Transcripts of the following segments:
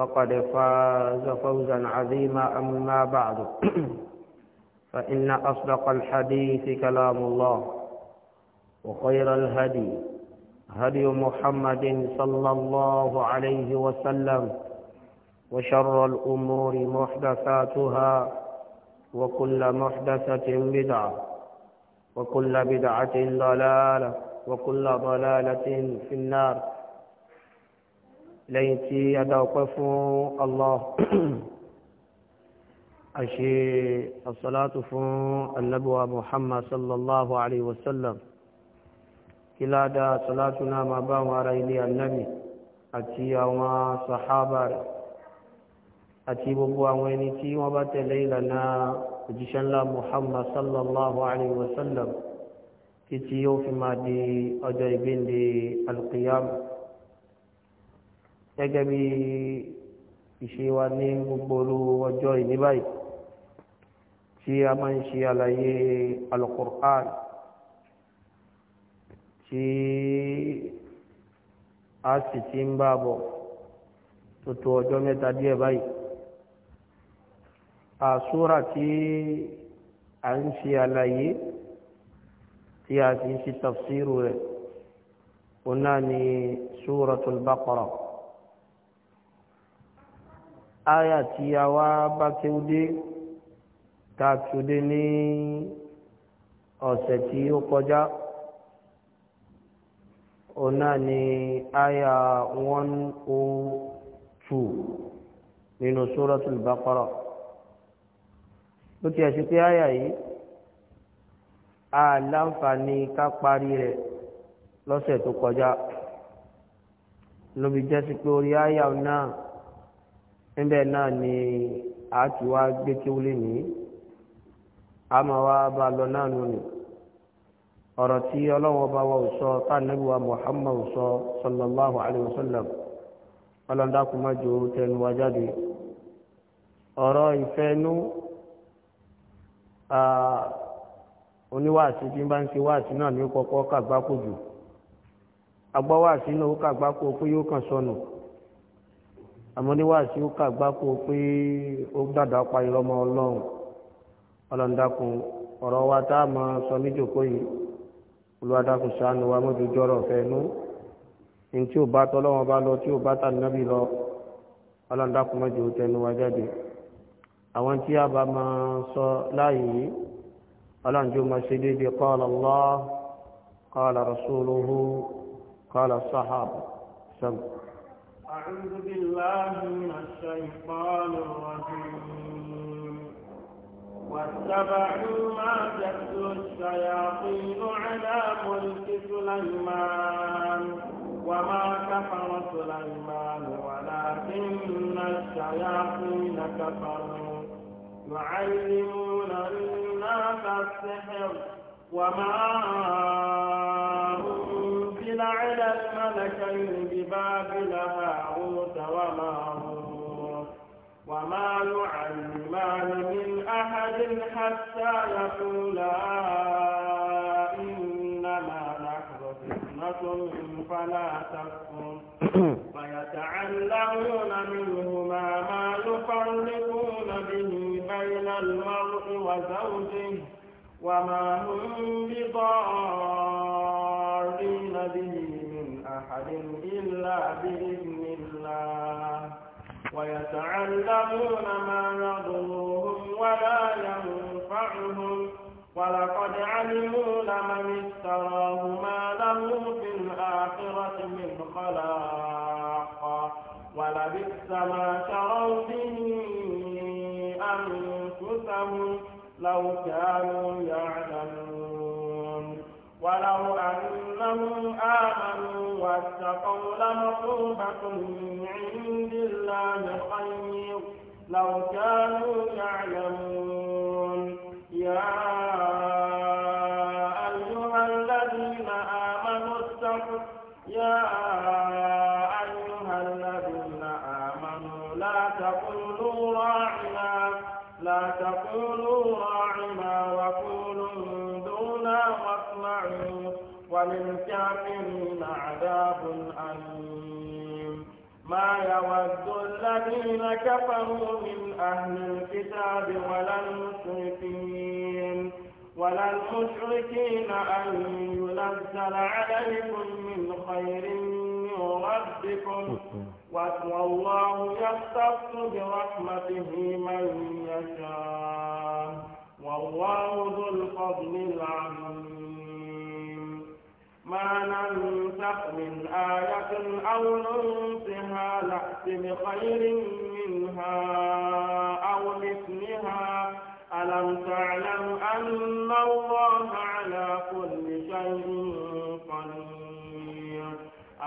فقد فاز فوزا عظيما أما بعد فإن أصدق الحديث كلام الله وخير الهدي هدي محمد صلى الله عليه وسلم وشر الأمور محدثاتها وكل محدثة بدعة وكل بدعة ضلالة وكل ضلالة في النار lẹ́yìn tí a dá ọpẹ́ fún Allah a ṣe asalatu fún annabuwa Muhammad sallallahu alaihi wasallam kí ládá asalatu náà ma bá wọn ara ilé annabi àti àwọn sahaba rẹ̀ àti gbogbo àwọn ẹni tí wọ́n bá tẹ̀lé ìlànà òjíṣẹ́ ńlá Muhammad sallallahu alaihi wasallam títí yóò fi máa di ọjọ́ ìgbéǹde alqiyama gẹ́gẹ́ bí ìṣe wa ní gbogbo olú ọjọ́ ìní báyìí tí a máa ń ṣe àlàyé alukur'an tí a sì ti ń bá bọ̀ tó tó ọjọ́ mẹ́ta díẹ̀ báyìí àsúrà tí a ń ṣe àlàyé tí a sì ń ṣe tafsiru rẹ̀ òun náà ni súratul Baqara aya tí a wá bá tí ó dé ta tí ó dé ní ọ̀sẹ̀ tí ó kọjá ọ̀nà ni aya 102 nínú Suratul Baqara ló ti ẹ̀sìn pé aya yìí a láǹfààní ká parí rẹ̀ lọ́sẹ̀ tó kọjá lóbi jẹ́ sí pé orí aya náà níbẹ̀ náà ni a ti wá gbé kí ní a máa wá bá lọ náà nù ní ọ̀rọ̀ tí ọlọ́wọ́ bá wà sọ tánàbíwá Muhammad sọ sallallahu alaihi wasallam ọlọ́ndàkùnmájò tẹnuwa jáde ọ̀rọ̀ ìfẹ́nú oníwàásí tí bá ń ṣe wàásí náà ní kọ́kọ́ kàgbákò jù náà ó kàgbákò pé àmọ́ níwáàsí ó kàgbá kó o pé ó gbàdá pa ìrọmọ ọlọ́run ọlọ́ndàkùn ọ̀rọ̀ wa tá a máa sọ níjòkó yìí olùwádàkùn ṣàánú wa mọ́jú jọ́rọ̀ fẹ́nu ní tí ò bá tọ́lọ́wọ́n bá lọ tí ò bá tànàbí lọ ọlọ́ndàkùn mọ́jú tẹnu wa jáde àwọn tí a bá máa sọ láàyè yìí ọlọ́njú máa ṣe déédé qala Allah qala rasuluhu qala sahaba sẹ́mu. أعوذ بالله من الشيطان الرجيم واتبعوا ما تتلو الشياطين على ملك سليمان وما كفر سليمان ولكن الشياطين كفروا يعلمون الناس السحر وما الملكين ببابل هاروت وماروت وما نعلمان من أحد حتى يقولا إنما نحن فتنة فلا تكفر فيتعلمون منهما ما يفرقون به بين المرء وزوجه وما هم بضار بإذن الله ويتعلمون ما يضرهم ولا ينفعهم ولقد علموا لمن اشتراه ما له في الآخرة من خلاق ولبئس ما شروا به أنفسهم لو كانوا يعلمون ولو أنهم آمنوا واتقوا لمطلوبة عند الله خير لو كانوا يعلمون يا وللكافرين عذاب أليم ما يود الذين كفروا من أهل الكتاب ولا المشركين ولا المشركين أن ينزل عليكم من خير من ربكم والله يختص برحمته من يشاء والله ذو الفضل العظيم ما ننسخ من آية أو ننسها نأت بخير منها أو مثلها ألم تعلم أن الله على كل شيء قدير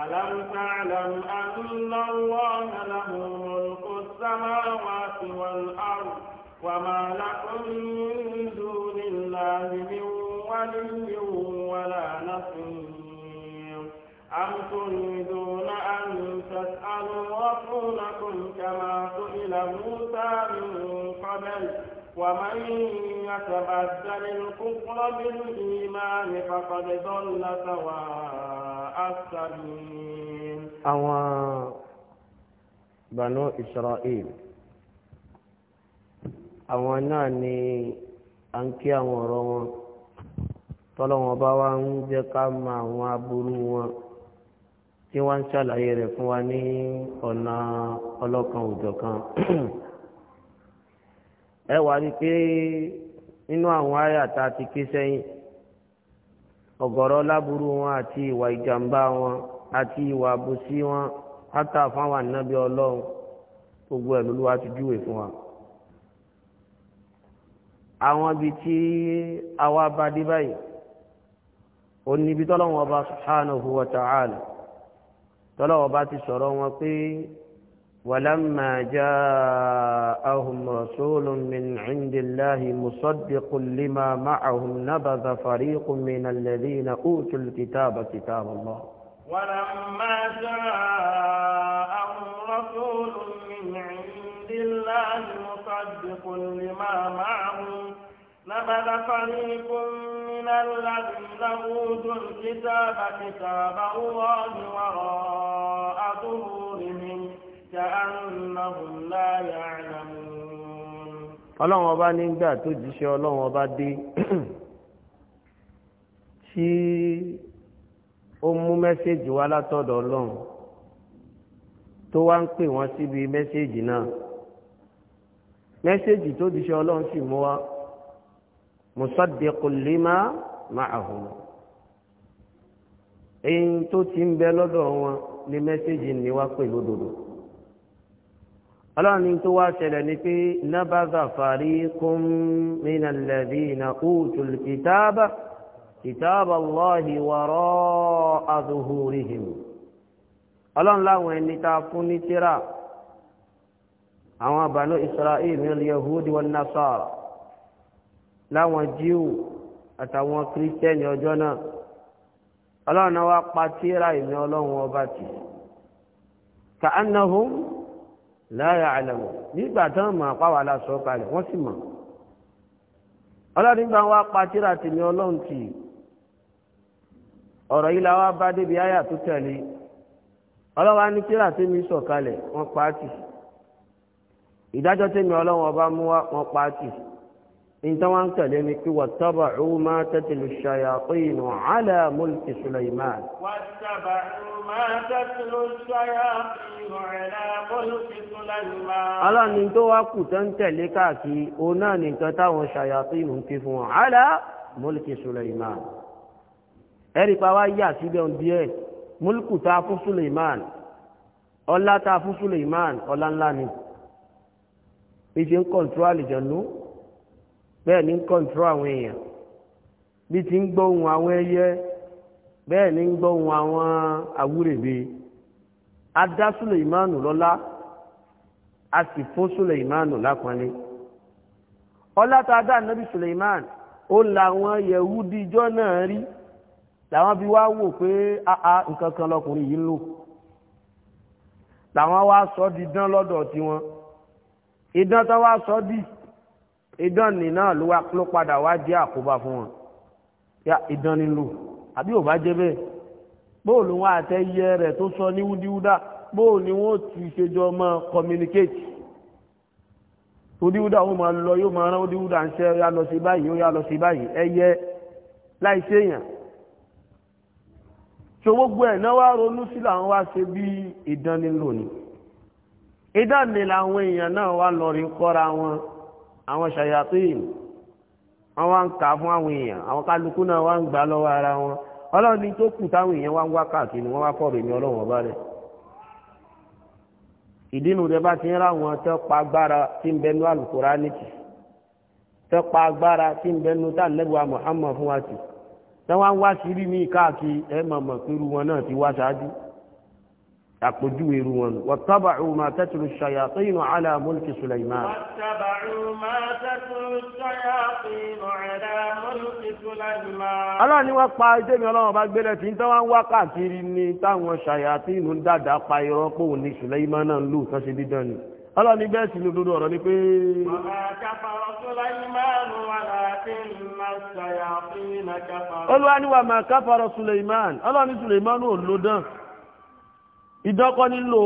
ألم تعلم أن الله له ملك السماوات والأرض وما لكم من دون الله من ولي ولا نصير أم تريدون أن تسألوا رسولكم كما سئل موسى من قبل ومن يتبدل الكفر بالإيمان فقد ضل سواء السبيل أو بنو إسرائيل àwọn náà ni à ń kí àwọn ọ̀rọ̀ wọn tọ́lọ́wọ́n bá wá ń jẹ́ ká mọ àwọn aburú wọn tí wọ́n ń ṣàlàyé rẹ̀ fún wa ní ọ̀nà ọlọ́kan òjọ̀kan ẹ wà rí pé nínú àwọn àyà tá a ti ké sẹ́yìn ọ̀gọ̀rọ̀ láburú wọn àti ìwà ìjàmbá wọn àti ìwà àbòsí wọn átà fáwọn ànábì ọlọ́run gbogbo ẹ̀ lóluwà ti júwèé fún wa. àwọn ibi tí àwa bá dé báyìí ó níbi tọ́lọ́wọ́n ọba subhanahu wa ta'ala. تلاوه باتي سورو وقي ولما جاءهم رسول من عند الله مصدق لما معهم نبذ فريق من الذين اوتوا الكتاب كتاب الله ولما جاءهم رسول من عند الله مصدق لما معهم نبذ فريق من الذين أوتوا الكتاب كتاب الله وراء ظهورهم كأنهم لا يعلمون ọlọ́run ọba nígbà tó jíṣẹ́ ọlọ́run ọba dé tí ó mú mẹ́sẹ̀jì wá látọ̀dọ̀ ọlọ́run tó wá ń pè wọ́n síbi mẹ́sẹ̀jì náà mẹ́sẹ̀jì tó jíṣẹ́ ọlọ́run sì mú wá musaddiqu lima ma'ahum èyí tó ti ń bẹ lọ́dọ̀ wọn ní mẹ́sẹ́jì ni wá pè lódodo ọlọ́run ní tó wá ṣẹlẹ̀ ni pé nabadha fariqun minal ladhina utul kitaba kitaba Allahi wara'a zuhurihim ọlọ́run láwọn ẹni tá fún ní tíra àwọn Banu Isra'il min al-yahudi wan nasara láwọn jíù àtàwọn kírísítẹ́nì ọjọ́ náà ọlọ́run náà wá pa tíra ìmí ọlọ́run ọba tì ka annahum la ya'lamu nígbà tán mọ̀ àpáwà aláṣọ kalẹ̀ wọ́n sì mọ̀ ọlọ́run nígbà wá pa tíra tìmí ọlọ́run tì ọ̀rọ̀ yìí la wá bá débi àyà tó tẹ̀lé ọlọ́wà ní tíra tèmi sọ̀ kalẹ̀ wọ́n pa tì ìdájọ́ tèmi ọlọ́run ọba mú wá wọ́n pa tì ìtawà ń tẹ̀lé ní kí wà tábà ó máa tẹ́tìlù ṣayàtọ̀ ìnù alá múlùkì Suleiman. wà tábà ó máa tẹ́tìlù ṣayàtọ̀ ìnù alá múlùkì Suleiman. aláàní tó wá kù tó ń tẹ̀lé káàkiri òun náà nìkan táwọn ṣayàtọ̀ ìnù ti fún wọn alá múlùkì Suleiman. ẹ̀rí pa wá yà síbẹ̀ ń bí ẹ̀ múlùkù tá fún Suleiman ọlá tá fún Suleiman ọlá ńlá ni. ìṣe ń kọ̀ǹtúrọ̀ àlìjẹ̀nu bẹ́ẹ̀ ní ń kọ́ńtúrọ̀ àwọn èèyàn bí ti ń gbóhùn àwọn ẹyẹ bẹ́ẹ̀ ní ń gbóhùn àwọn àwúrèbe a dá Sùlẹ̀mánù lọ́lá a sì fún Sùlẹ̀mánù lápọ́nlé ọlá tá a dá nábì Sùlẹ̀mán ó làwọn yẹ̀wúdí ijọ́ náà rí làwọn bí wá wò pé àà nǹkan kan lọkùnrin yìí lò làwọn wá sọ di dán lọ́dọ̀ tiwọn ìdán tó wá sọ di ìdánni náà ló wá ló padà wá jẹ́ àkóbá fún wọn yá ìdánni lò àbí ò bá jẹ́ bẹ́ẹ̀ bóòlù wọn àtẹ́yẹ rẹ̀ tó sọ ní wúdiwúdá bóòlù wọn ti ṣèjọ ọmọ communicate wúdiwúdá wọn máa lọ yóò máa rán wúdiwúdá ń ṣe yá lọ sí báyìí ó yá lọ sí báyìí ẹyẹ láì séèyàn ṣe gbogbo ẹ̀ náà wá ronú sí làwọn wá ṣe bí ìdánni lò ní ìdánni làwọn èèyàn náà wá lọ rí kọ́ra wọn àwọn ṣayatin wọ́n wá ń kà fún àwọn èèyàn àwọn kálukú náà wá ń gbà lọ́wọ́ ara wọn ọlọ́run ní tó kù táwọn èèyàn wá ń wá káàkiri wọ́n wá kọ̀rọ̀ èmi ọlọ́run ọba rẹ̀ ìdínú rẹ̀ bá ti ń ráwọn tẹ́ pa agbára tí ń bẹnu Al-Kùránì tẹ́ pa agbára tí ń bẹnu tàlẹ́bùwà Muhammad fún wa tì tẹ́ wá ń wá mi káàkiri ẹ̀ mọ̀mọ̀ pẹ̀lú wọn náà ti wá ṣáájú àpòjúwe irú wọn wàtàbàrù máa tẹ́tùrù ṣayàtínú ala mulki Sulaiman aláàní wọ́n pa ìtẹ́mi ọlọ́run bá gbélẹ̀ tí ń tọ́wọ́n wá káàkiri ní táwọn ṣayàtínú dáadáa pa irọ́ pò ní Sulaiman náà lù tán dídán ni aláàní bẹ́ẹ̀ sí lódodo ọ̀rọ̀ ni pé olúwa máa káfàrọ̀ Sulaiman aláàní Sulaiman ò lódán ìdọ́kọ́ nílò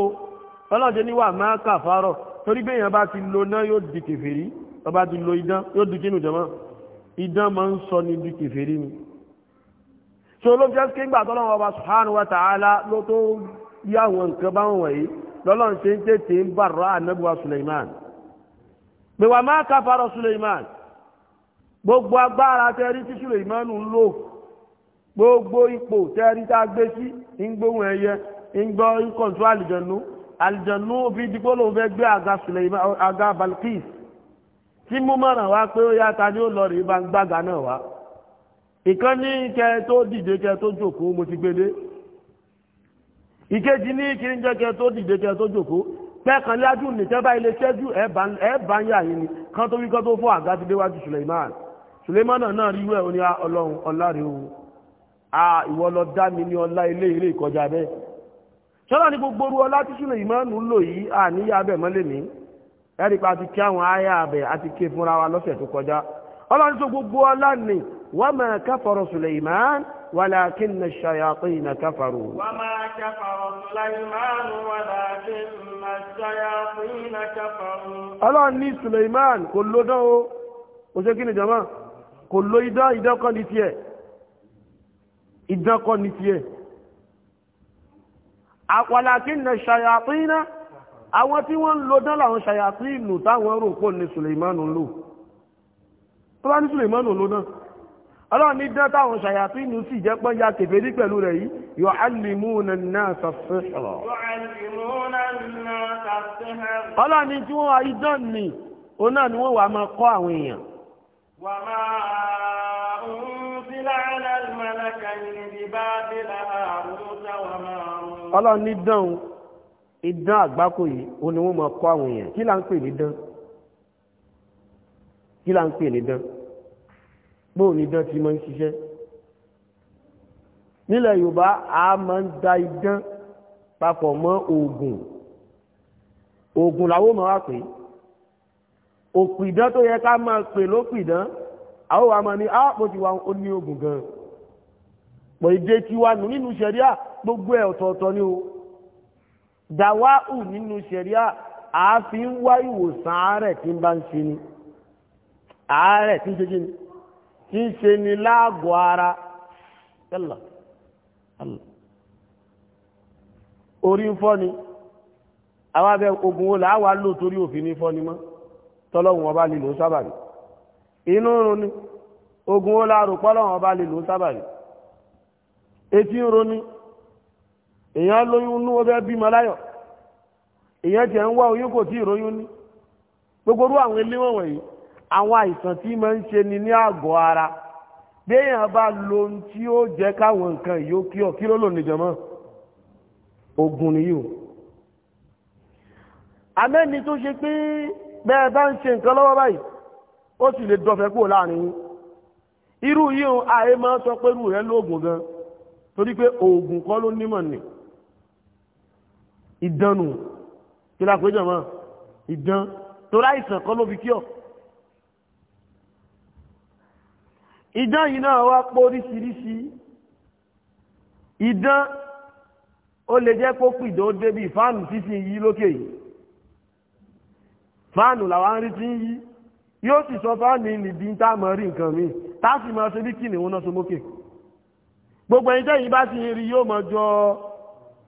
ọlọ́jẹ́ níwà máa kàfàárọ̀ torí bí èèyàn bá ti lo náà yóò di kèfèrí tó bá ti lo idán yóò di kínú jọmọ́ idán máa ń sọ ní di kèfèrí ni so ló jẹ́ kí ńgbà tọ́lọ́wọ́ ọba subhanahu wa ta'ala ló tó yá àwọn nǹkan bá wọn wọ̀nyí lọ́lọ́run ṣe ń tètè ń bà rọ́ ànábùwà Suleiman pé wà máa kàfàárọ̀ Suleiman gbogbo agbára tẹ́rí tí Suleiman ń lò gbogbo ipò tẹ́rí tá a gbé sí ń gbóhùn ẹyẹ ń gbọ́ ìkọ̀ǹtú àlìjẹ̀nu àlìjẹ̀nu òbí dìgbò lòun fẹ́ gbé àga Suleiman àga Balqis tí mú mọ̀ràn wá pé ó yáta ni ó lọ rí gbàgà náà wá ìkan ní kẹ tó dìde kẹ tó jókòó mo ti gbélé ìkejì ní kí n jẹ́ kẹ tó dìde kẹ tó jókòó pẹ́ẹ̀kan lájú nìkẹ́ bá ilé ṣẹ́jú ẹ̀ẹ́bà ń yà yìí ni kan tó wí kan tó fún àga ti déwájú Suleiman Suleiman náà rí wẹ̀ ó ní ah, ọlọ́run ọlá rèé o ah, ìwọ lọ dá mi ní ọlá ilé ilé ìkọjá bẹ́ẹ̀ sọ́nà ní gbogbo orú ọlá tí ṣùnà ìmọ̀ọ́nù lò yìí àníyá abẹ mọ́lẹ̀ ní ẹ̀rí pa ti kí àwọn ayé abẹ àti ké fúnra wa lọ́sẹ̀ tó kọjá ọlọ́run tó gbogbo ọlá ni wa ma kafara Sulaiman walakinna ash-shayatina kafaru. wa ma kafara Sulaiman walakinna ash-shayatina kafaru. ọlọ́run ní Sulaiman kò lódán o kò ṣe kí ni jama kò lo idán idán kọ́ ni tiẹ̀ idán kọ́ ni tiẹ̀ walakinna ṣayatina àwọn tí wọ́n ń lo dán láwọn ṣayatínù táwọn rò pò ní Sùlèmánù lò tó bá ní Sùlèmánù lò náà ọlọ́run ní dán táwọn ṣayatínù sì jẹ́ pọ́n ya kèfèrí pẹ̀lú rẹ̀ yìí yu'allimuna an-nasa as-sihr ọlọ́run ni òun náà ni wọ́n wà ọlọ́run ní dán ìdán àgbákò yìí ó ní wọ́n máa kọ́ àwọn èèyàn kí là ń pè ní dán kí là ń pè ní dán bóò ní dán ti máa ń ṣiṣẹ́ nílẹ̀ Yorùbá a máa ń da idán papọ̀ mọ́ oògùn oògùn làwọn máa wá pè é òpìdán tó yẹ ká máa pè lópìdán àwọn wa máa ní áàpò ah, ti wá ó ní oògùn gan-an pọ̀ èdè tiwa nù nínú sẹ̀ríà gbogbo ẹ̀ ọ̀tọ̀ọ̀tọ̀ ni o dàwáù nínú sẹ̀ríà àáfi ń wá ìwòsàn àárẹ̀ tí ń bá ń ṣe ni àárẹ̀ tí ń ṣe kí ni tí ń ṣe ni láàgọ̀ ara yálà orí ń fọ́ ni àwọn abẹ́ ogun wo làá wà lò torí òfin ní fọ́ ni mọ́ tọ́lọ́hùn ọba lè lò sábàbí inú rún ni ogun wo làá rò pọ́lọ́hùn ọba lè lò sábàbí etí ń ronú èèyàn lóyún ní wọ́n fẹ́ bímọ láyọ̀ èèyàn tiẹ̀ ń wá oyún kò tí ì róyún ní gbogbo orú àwọn ilé wọ̀n wọ̀nyí àwọn àìsàn tí máa ń ṣe ni ní àgọ́ ara béèyàn bá lo ohun tí ó jẹ́ káwọn nǹkan yìí ó kí ọ kí ló lò nìjọmọ́ ogun nìyí o amẹ́ni tó ṣe pé bẹ́ẹ̀ bá ń ṣe nǹkan lọ́wọ́ báyìí ó sì lè dọ̀fẹ́ kúrò láàrin yín irú yìí o àyè máa sọ pé irú rẹ̀ lóògùn gan-an torí pé oògùn kọ́ ló nímọ̀ ni ìdánù kí la pé jọ̀mọ́ ìdán torí àìsàn kọ́ ló fi kí ọ̀ ìdán yìí náà wá pọ̀ oríṣiríṣi ìdán ó lè jẹ́ kó pìdán ó débi fáànù títí yìí lókè yìí fáànù làwọn arí ń yí yóò sì sọ fáànù ìlìdí tá a mọ̀ rí nǹkan mi tá a sì máa ṣe bí kìnìún náà so mókè. Okay gbogbo ẹni tẹ́yìn bá ti rí yóò mọ̀ jọ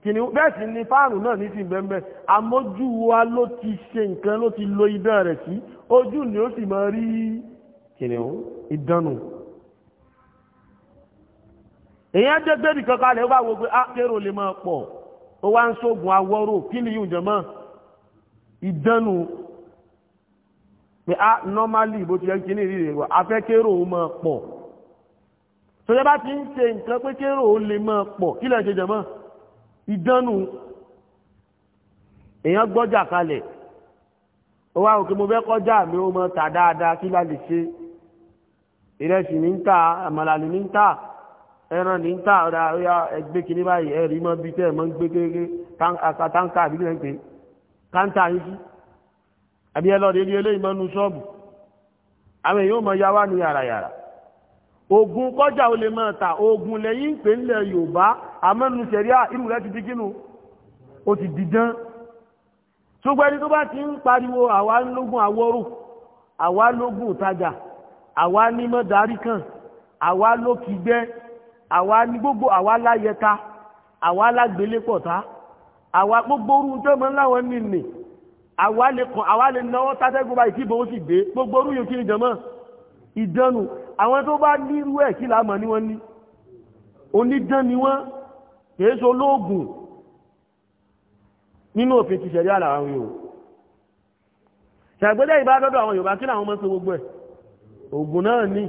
kìnìún bẹ́ẹ̀ sì ni fáànù náà ní ti bẹ́ẹ̀ àmójú wa ló ti ṣe nǹkan ló ti lo idán rẹ̀ sí ojú ni ó sì máa rí kìnìún ìdánù èyàn jẹ́ gbẹ́bì kankan lè wá wo pé ákérò ah, lè máa pọ̀ ó wá ń ṣògùn awọ́rò kí ni yóò jẹmọ́ ìdánù pé á ah, normally bó ti yẹ kí ní ìrírí rẹ̀ afẹ́kérò máa pọ̀ tọ́jọ́ bá ti ń ṣe nǹkan pé kérò ó lè máa pọ̀ kí lẹ́ ṣe jẹ̀mọ́ ìdánù èèyàn gbọ́jà kalẹ̀ ó wá òkè mo fẹ́ kọjá mi ó mọ tà dáadáa kí lá lè ṣe ìrẹsì ní ń tà àmàlà ní ń tà ẹran ní ń tà ọ̀dà ọ̀yà ẹgbẹ́ kìíní báyìí ẹ̀rí mọ́ bí tẹ́ ẹ̀ mọ́ ń gbé kékeré táǹkà àbí kílẹ̀ káńtà yín sí àbí ẹ lọ́ọ́ dé ilé ìmọ̀nù ṣọ́ọ̀bù àwọn èèyàn ò mọ yá wá ní yàrá yàrá ogun kọjá o lè máa ta ogun lẹ́yìn pé ńlẹ̀ yorùbá àmọ́nu sẹ̀ríà irú rẹ̀ ti di kínú ó ti dìdán ṣùgbọ́n ẹni tó bá ti ń pariwo àwa lógún àwọ́rò àwa lógún ìtajà àwa ní mọ́darí kan àwa lókìgbẹ́ àwa ní gbogbo àwa láyẹta àwa lágbélépọ̀ta àwa gbogbo orú tó mọ́ láwọn nìní àwa lè náwó tátẹ́gbọ́ báyìí tí ìbò ó sì dé gbogbo orú yòókì ni jọmọ́ ìdánù àwọn tó bá nírú ẹ̀ kí láàmà ní wọ́n ní onídán ni wọ́n kìí ṣe olóògùn nínú òfin ti ṣẹ̀rí àlà àwọn yòó ṣàgbélé ìbá dọ́dọ̀ àwọn Yorùbá kí làwọn mọ́ sí gbogbo ẹ̀ ògùn náà ní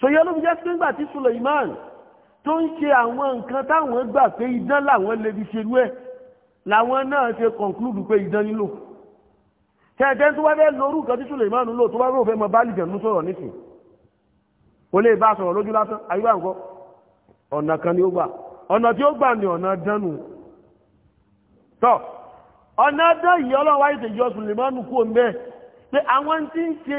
ṣòyẹ́ ló fi jẹ́ sígbà tí Suleiman tó ń ṣe àwọn nǹkan táwọn gbà pé idán làwọn lè fi ṣerú ẹ̀ làwọn náà ṣe conclude pé idán nílò tẹ́ẹ̀tẹ́ tó wá fẹ́ lórú nǹkan tí Sùlẹ̀mánù lò tó wá rò fẹ́ mọ bá lìjẹ̀nú sọ̀rọ̀ nísìn kò lè bá sọ̀rọ̀ lójú lásán àyíká nǹkan ọ̀nà kan ni ó gbà ọ̀nà tí ó gbà ní ọ̀nà dánù tọ́ ọ̀nà dán yìí ọlọ́wà ìtè yọ Sùlẹ̀mánù kú omi bẹ́ẹ̀ pé àwọn tí ń ṣe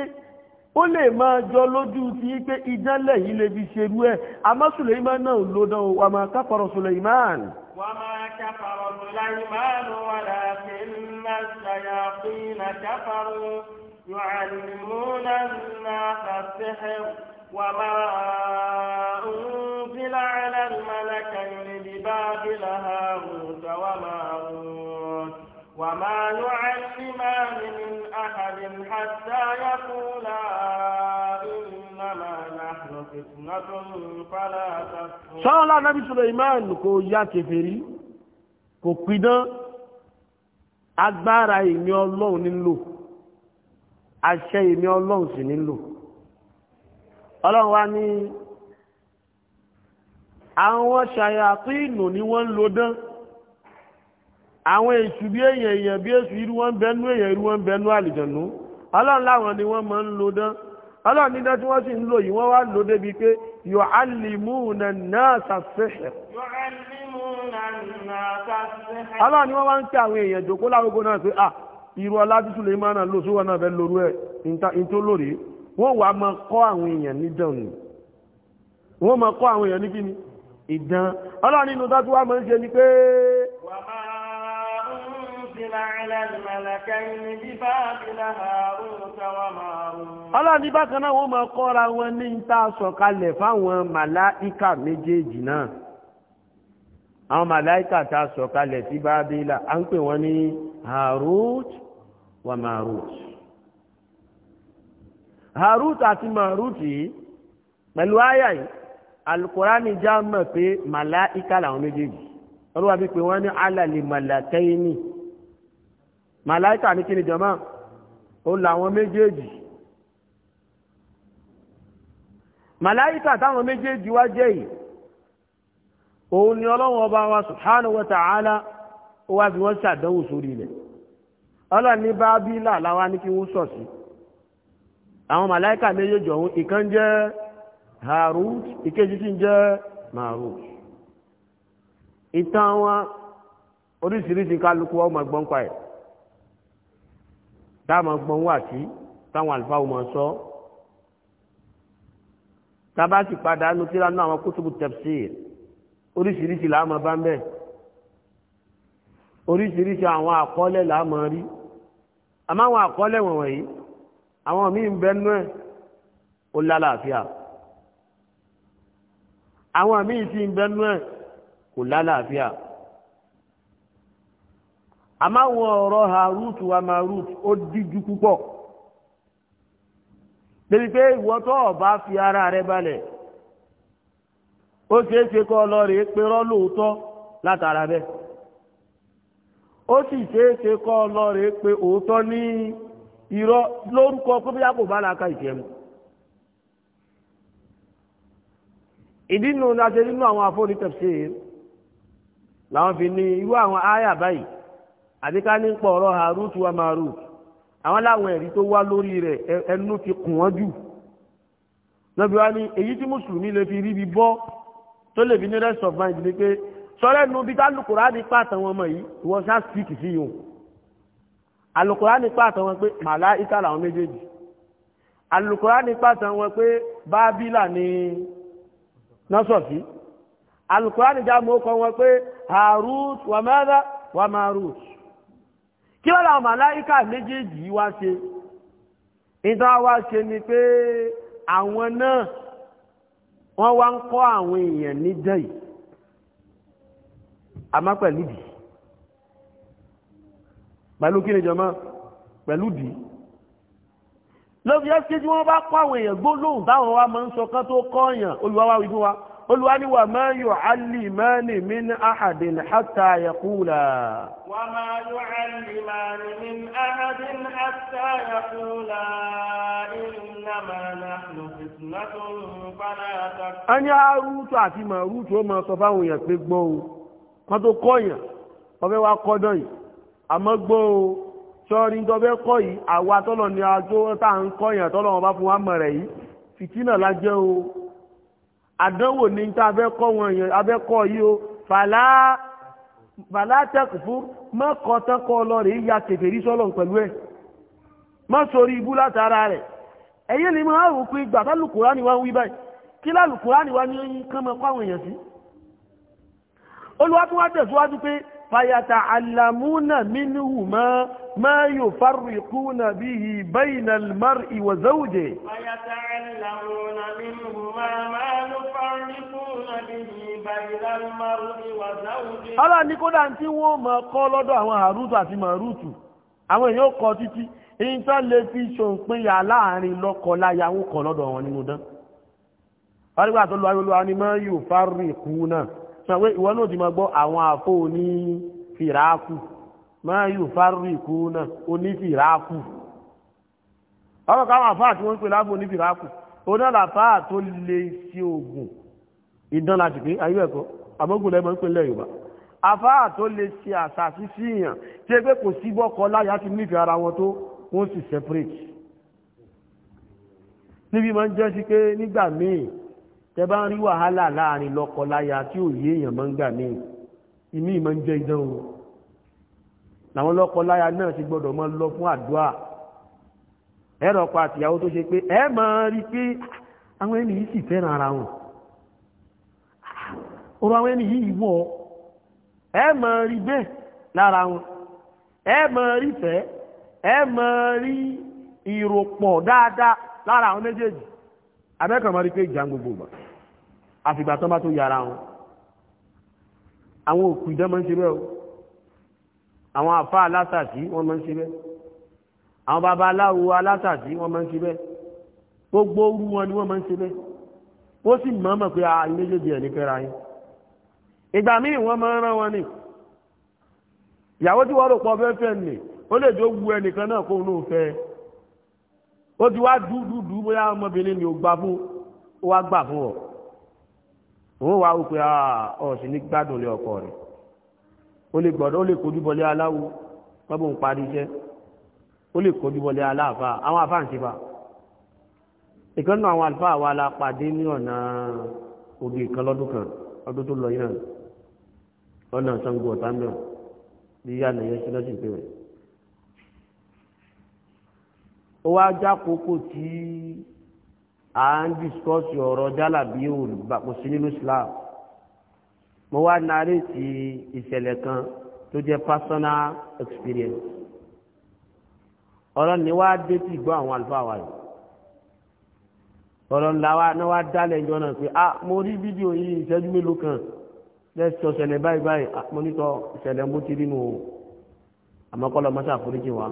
ó lè máa jọ lójú ti pé ìdánlẹ̀ yìí lè fi ṣerú ẹ̀ àmọ́ Sùlẹ̀mánù náà lò dán wa ma kafara Sùlẹ̀mánù wa ma كفر سليمان ولكن الشياطين كفروا يعلمون الناس السحر وما أنزل على الملكين ببابل هاروت وماروت وما يعلمان من أحد حتى يقولا إنما نحن فتنة الله عليه وسلم kò yá kèfèrí kò pidán agbára èmi ọlọ́run nílò àṣẹ èmi ọlọ́run sì nílò ọlọ́run wá ní àwọn ṣàyàtí ìnù ni wọ́n ń lo dán àwọn èṣù bí èèyàn èèyàn bí èṣù irú wọn bẹnu èèyàn irú wọn bẹnu àlìjànú ọlọ́run láwọn ni wọ́n máa ń lo dán ọlọ́run nídán tí wọ́n sì ń lò yìí wọ́n wá lò débi pé yọ̀álìmúùnà náà sàfẹ́ṣẹ̀ aláà ni wọ́n wá ń tẹ àwọn èèyàn jòkó láwùjọ náà pé à ah, irú Suleiman lò sówọ́ náà fẹ́ lóru ẹ̀ ma kọ wọ́n wàá máa kọ́ àwọn èèyàn nídàn ni wọ́n máa kọ́ àwọn èèyàn ní kíni ìdán aláà nínú dájú wá máa ń ṣe ni pé. ní bákan náà wọn ní ń sọ̀kalẹ̀ fáwọn méjèèjì náà. àwọn màláìkà tá a sọ kalẹ̀ sí bábílà à ń pè wọ́n ní harut wa marut harut àti marut yìí pẹ̀lú àyà yìí alukurani já mọ̀ pé màláìkà làwọn méjèèjì olúwa bí pé wọ́n ní alàlè màlàkẹ́yìn màláìkà ní kí ni jọmọ́ ó làwọn méjèèjì màláìkà táwọn méjèèjì wá jẹ́ yìí òun ni ọlọ́run ọba wa subhanahu wa ta'ala ó wá bí wọ́n ṣàdánwò sórí ilẹ̀ ọlọ́run ní bábílà láwa ní kí wọ́n sọ̀ sí àwọn màláìkà méjèèjì ọ̀hún ìkan jẹ́ Harut ìkejì tí ń jẹ́ Marut ìtàn wọn oríṣiríṣi kálukú ọmọ ẹgbọ́n pa ẹ̀ táwọn ọgbọ́n wà sí táwọn àlùfáà ọmọ sọ tábà padà nù àwọn kútùbù tafsir oríṣiríṣi láàmà bá mẹ́ oríṣiríṣi àwọn àkọọ́lẹ̀ láàmà rí àmọ́ àwọn àkọọ́lẹ̀ wọ̀nyí àwọn míì ń bẹnú ẹ̀ ó lálàáfíà àwọn míì sì ń bẹnú ẹ̀ kò lálàáfíà àmọ́ àwọn ọ̀rọ̀ Harut wa Marut ó díjú púpọ̀ débi pé ìwọ tó o fi ara rẹ balẹ̀ ó si ṣe kọ́ ọlọ́rẹ̀ pérọ́ lóòótọ́ látara bẹ́ẹ̀ ó sì ṣeé ṣe kọ́ kọ pé òótọ́ ní irọ́ lórúkọ pé bí a bá la ka ìjẹun ìdí nu ṣe nínú àwọn afọ́ni tafsir làwọn fi ní irú àwọn áyà báyìí àti ká ní pọ̀ ọ̀rọ̀ wa àwọn láwọn ẹ̀rí tó wá lórí rẹ̀ ẹnu ti kùn wọ́n jù ní tó lè bí ní rest of mind ni pé sọ́rẹ́nu bí tálùkùrá ní pàtàn wọn mọ̀ yìí wọ́n sá speak sí yòó alùkùrá ní pàtàn wọn pé màláíkà làwọn méjèèjì alùkùrá ní pàtàn wọn pé bábílà ní nọ́sọ̀fí alùkùrá ní jámọ́ kan wọn pé harut wàmẹ́rẹ́ wàmárut kí wọ́n làwọn màláíkà méjèèjì wá ṣe ìtàn ṣe ni pé àwọn náà wọ́n wá ń kọ́ àwọn èèyàn ní dẹ́yì àmá pẹ̀lú dì pẹ̀lú kí ni jọmọ́ pẹ̀lú dì lọ́fíẹ́sì tí wọ́n bá kọ́ àwọn èèyàn gbólóhùn táwọn wa máa ń sọ kán tó kọ́ èèyàn olùwáwá wí wa olùwàníwà máa yọ alìmánì min ahadin hatta yakula. wà máa yọ alìmánì min ahadin hatta yakula innama nahnu a ní arútù àti màrútù ó máa sọ fáwọn èèyàn pé gbọ́ o kan tó kọ́yàn wa kọ́dọ̀ yìí gbọ́ o kọ́ yìí ni a ń kọ́yàn tọ́lọ̀ wọn bá fún wa yìí fìtínà o. àdánwò ní tá a fẹ́ kọ́ wọn èèyàn a fẹ́ yìí o fàlà fàlà fún mọ́kọ́ tẹ́kọ́ ọlọ́rẹ̀ ya kẹfẹ́rí sọ́lọ̀ pẹ̀lú ẹ̀ má sórí ibú látara rẹ̀ ẹ̀yẹ́ ni máa rò pé ìgbà tá lùkùrá ni wá ń wí báyìí kí lálùkùrá ni wá ní kán mọ́ àwọn èèyàn sí olùwàtúwà tẹ̀síwájú pé fàyàtà àlàmúnà mínú mọ́ ما يفرقون به بين المرء وزوجه ويتعلمون منهما ما يفرقون به بين المرء وزوجه ọlá ní kódà tí wọ́n máa kọ́ lọ́dọ̀ àwọn àrútù àti màrútù àwọn èèyàn kọ títí èyí tó lè fi ṣòǹpinya láàrin lọ́kọ láya ń kọ lọ́dọ̀ wọn nínú dán. wọ́n nígbà tó lọ ayélujára ni mọ́ yóò fárú ìkú náà sanwó ìwọ náà ti máa gbọ́ àwọn àfọ oní fìràákù máa yù fárúkú náà oní fìràákù ọ̀rọ̀ káwọn àfáà tí wọ́n ń pè láàbò oní fìràákù oní àlàfáà tó lè ṣe oògùn ìdán láti pé ayé ẹ̀kọ́ àmọ́gùn lẹ́mọ̀ ń pè lẹ́ Yorùbá àfáà tó lè ṣe àṣàṣì sí èèyàn tí ẹgbẹ́ kò sí bọ́kọ láyà ti nífẹ̀ẹ́ ara wọn tó wọ́n sì separate níbi máa ń jẹ́ sí pé nígbà míì tẹ ń rí wàhálà láàrin lọ́kọláya tí ò yé èèyàn máa ń gbà míì ìmí máa ń jẹ́ idán o làwọn lọ́kọláya náà ti gbọ́dọ̀ máa lọ fún àdúrà àtìyàwó tó ṣe pé ẹ máa rí pé àwọn ẹni si sì fẹ́ràn ara wọn ọ̀rọ̀ àwọn ẹni yìí wọ̀ ẹ máa rí bẹ́ẹ̀ lára wọn ẹ rí fẹ́ ẹ máa rí dáadáa lára àwọn àfìgbà tán bá tó yàrá wọn àwọn òkú ìdán máa ń ṣe bẹ́ẹ̀ o àwọn àfá alásàtí wọ́n máa ń ṣe bẹ́ẹ̀ àwọn bàbá aláwo alásàtí wọ́n máa ń ṣe bẹ́ẹ̀ gbogbo orú wọn ni wọ́n máa ń ṣe bẹ́ẹ̀ ó sì mọ̀ọ́mọ̀ pé a ah, méjèèjì ẹ̀ ní fẹ́ra yín ìgbà míì wọ́n máa ń rán wọn ni ìyàwó tí wọ́n rò pọ̀ fẹ́ẹ́ nì ó lè jó wu ẹnìkan náà kó inú fẹ́ ó ti wá dúdú bóyá ọmọbìnrin ni ò gbà fún ó wá gbà fún ọ òun wá wípé ah, ọ̀sìn ní gbádùn lé ọkọ rẹ̀ ó lè gbọ́dọ̀ ó lè kojú bọlé aláwo pẹ́bù ń parí iṣẹ́ ó lè kojú bọlé aláàfà àwọn afá ń ṣe fa ìkan náà àwọn àlùfáà wa la pàdé ní ọ̀nà ògì kan lọ́dún kan ọdún tó lọ yìí náà ọ̀nà Ṣàngó ọ̀tá ń bẹ̀rù bí yá nìyẹn sí lọ́sìn pé rẹ̀ ó wá jákòókò tí a ń discourse ọ̀rọ̀ jálàbí olùgbàpọ̀ sí nínú Islam mo wá nàárẹ̀tì ìṣẹ̀lẹ̀ kan tó jẹ́ personal experience ọ̀rọ̀ ni wá dé tí gbọ́ àwọn àlùfáà wa yìí ọ̀rọ̀ ńlá wa náà wá dálẹ̀ ìjọ náà pé ah mo rí fídíò yìí ìṣẹ́jú mélòó kan lẹ́sọ̀ ṣẹlẹ̀ báyìí báyìí ah, mo nítọ́ ìṣẹ̀lẹ̀ mo ti rí nu àmọ́kọ́lọ́ mọ́ṣáforíjì wa.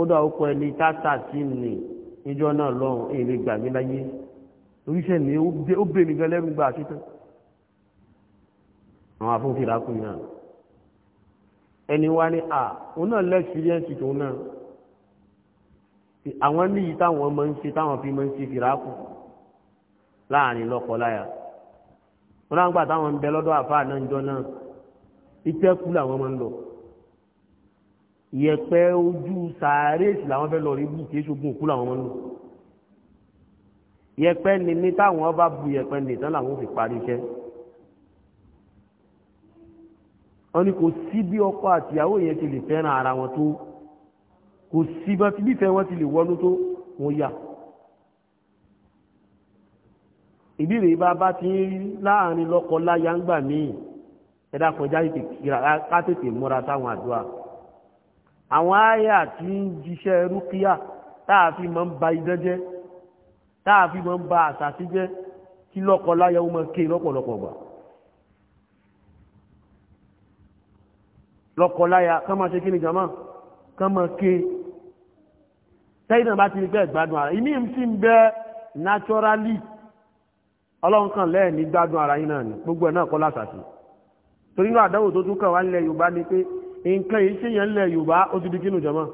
kódà ó kọ ẹni tátà tí nì níjọ náà lọ́rùn èrè gbàgbé láyé oríṣẹ́ ni ó bè mí gan lẹ́rù gbà àṣetán àwọn afúnfin ìrákùn náà ẹni wá ní à òun náà lẹ́ẹ̀sìrìẹ́ǹsì tòun náà àwọn níyì táwọn ọmọ ń ṣe táwọn fi máa ń ṣe fìrákùn láàrin lọ́kọ láya wọn láǹgbà táwọn ń bẹ lọ́dọ̀ àfáà náà ń jọ náà ìtẹ́kù làwọn máa ń lọ ìyẹ̀pẹ̀ ojú sàárèsì làwọn fẹ́ lọ rí bù kí ṣogun òkú làwọn lò ìyẹ̀pẹ̀ ni ní táwọn bá bu ìyẹ̀pẹ̀ nìtàn làwọn fi parí iṣẹ́ wọ́n ní kò sí bí ọkọ àtìyàwó yẹn ti lè fẹ́ràn ara wọn tó kò sí bí ìfẹ́ wọn ti lè wọnú tó wọ́n yà ìbíre bá bá ti ń rí láàrin lọ́kọ ń gbà míì ẹ̀dá kọjá ká tètè múra táwọn àdúrà àwọn àyà tí ń jíṣẹ́ rúkíà táàfi mọ́ ń ba idán jẹ́ táàfi mọ́ ń ba àṣàṣí jẹ́ tí lọ́kọ láyàwó mọ́ ké lọ́pọ̀lọpọ̀ gbà lọ́kọ láyà kán máa ṣe kí ni jama kán máa ké tẹ́yìn bá ti rí pé ìgbádùn ara ìmí ti ń bẹ naturally ọlọ́nkan lẹ́ẹ̀ni gbádùn ara yín náà ni gbogbo ẹ̀ náà kọ́ láṣàṣì torí náà àdáwò tó tún kàn wá nílẹ̀ Yorùbá ni pé nǹkan yìí ṣèyàn ńlẹ̀ yorùbá ó ti di kínú jọmọ́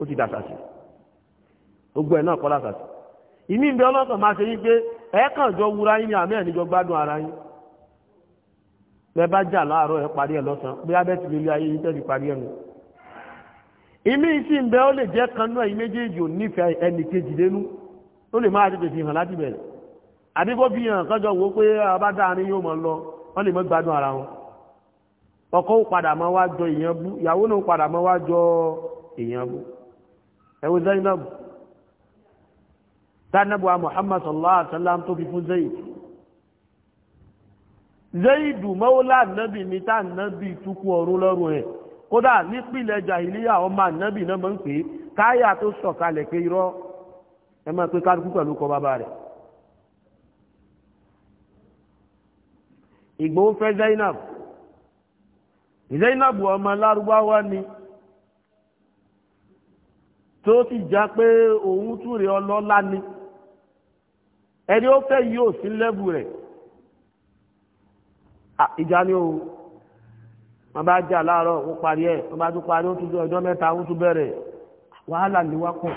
ó ti dàsàsì gbogbo ẹ̀ náà kọ́ dàsàsì ìní ìbí ọlọ́sàn máa ṣe yín pé ẹ̀ẹ́kàn jọ wúra yín ní àmì ẹ̀ gbádùn ara yín bẹ́ẹ̀ bá jà láàárọ̀ ẹ̀ parí ẹ̀ lọ́sàn bí abẹ́ ti ayé yín parí nù ìmí ó lè kan méjèèjì ò nífẹ̀ẹ́ ẹnì kejì ó hàn láti bẹ̀rẹ̀ àbí kó fi hàn pé ni yóò lọ wọ́n lè mọ́ gbádùn ọkọ ó padà máa wá jọ èèyàn bú ìyàwó náà ó padà máa wá jọ èèyàn bú ẹ Zainab tánàbù Muhammad sallallahu alaihi wasallam tó fi fún Zaid Zaidu mọ́wọ́lá nábì ní tá nábì túkú ọ̀run lọ́rùn ẹ̀ kódà nípìnlẹ̀ jàhìlíyà ọmọ nábì náà máa ń pè é káyà tó sọ̀kalẹ̀ pé irọ́ ẹ máa pé kálukú pẹ̀lú kọ bàbá rẹ̀ Ìgbòho fẹ́ Zainab Zainabu ọmọ lárúbáwá ni tó ti já pé òun ni ẹni ó fẹ́ yóò sí lẹ́bù rẹ̀ ìjà ni o wọ́n bá jà láàárọ̀ ó parí ẹ̀ wọ́n bá tún parí ó tún tó ọjọ́ mẹ́ta ó tún bẹ̀rẹ̀ wàhálà ni wá pọ̀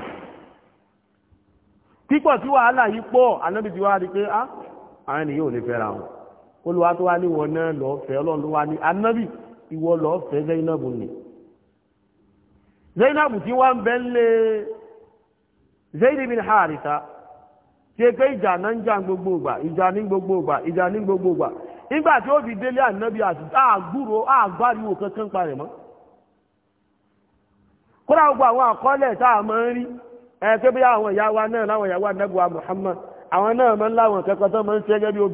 pípọ̀ tí wàhálà yìí pọ̀ ti wá rí pé á ah, àwọn ènìyàn ò fẹ́ra wọn olùwà tó wá ní wọn náà lọ fẹ́ ọlọ́run ìwọ lọ fẹ́ Zainabu ni Zainabu ti wọ́n ń bẹ́ lé Zaid bin Haritha tí é pé ìjà náà ń jà ní gbogbo ìgbà ìjà ní gbogbo ìgbà ìjà kankan parẹ̀ mọ́ kódà gbogbo àwọn àkọọ́lẹ̀ tá a máa ń rí ẹ̀ẹ́kẹ́ bí àwọn ìyá wa náà láwọn ìyá wa Muhammad àwọn náà máa ń láwọn kẹ́kọ̀ọ́ tó máa ń ṣe gẹ́gẹ́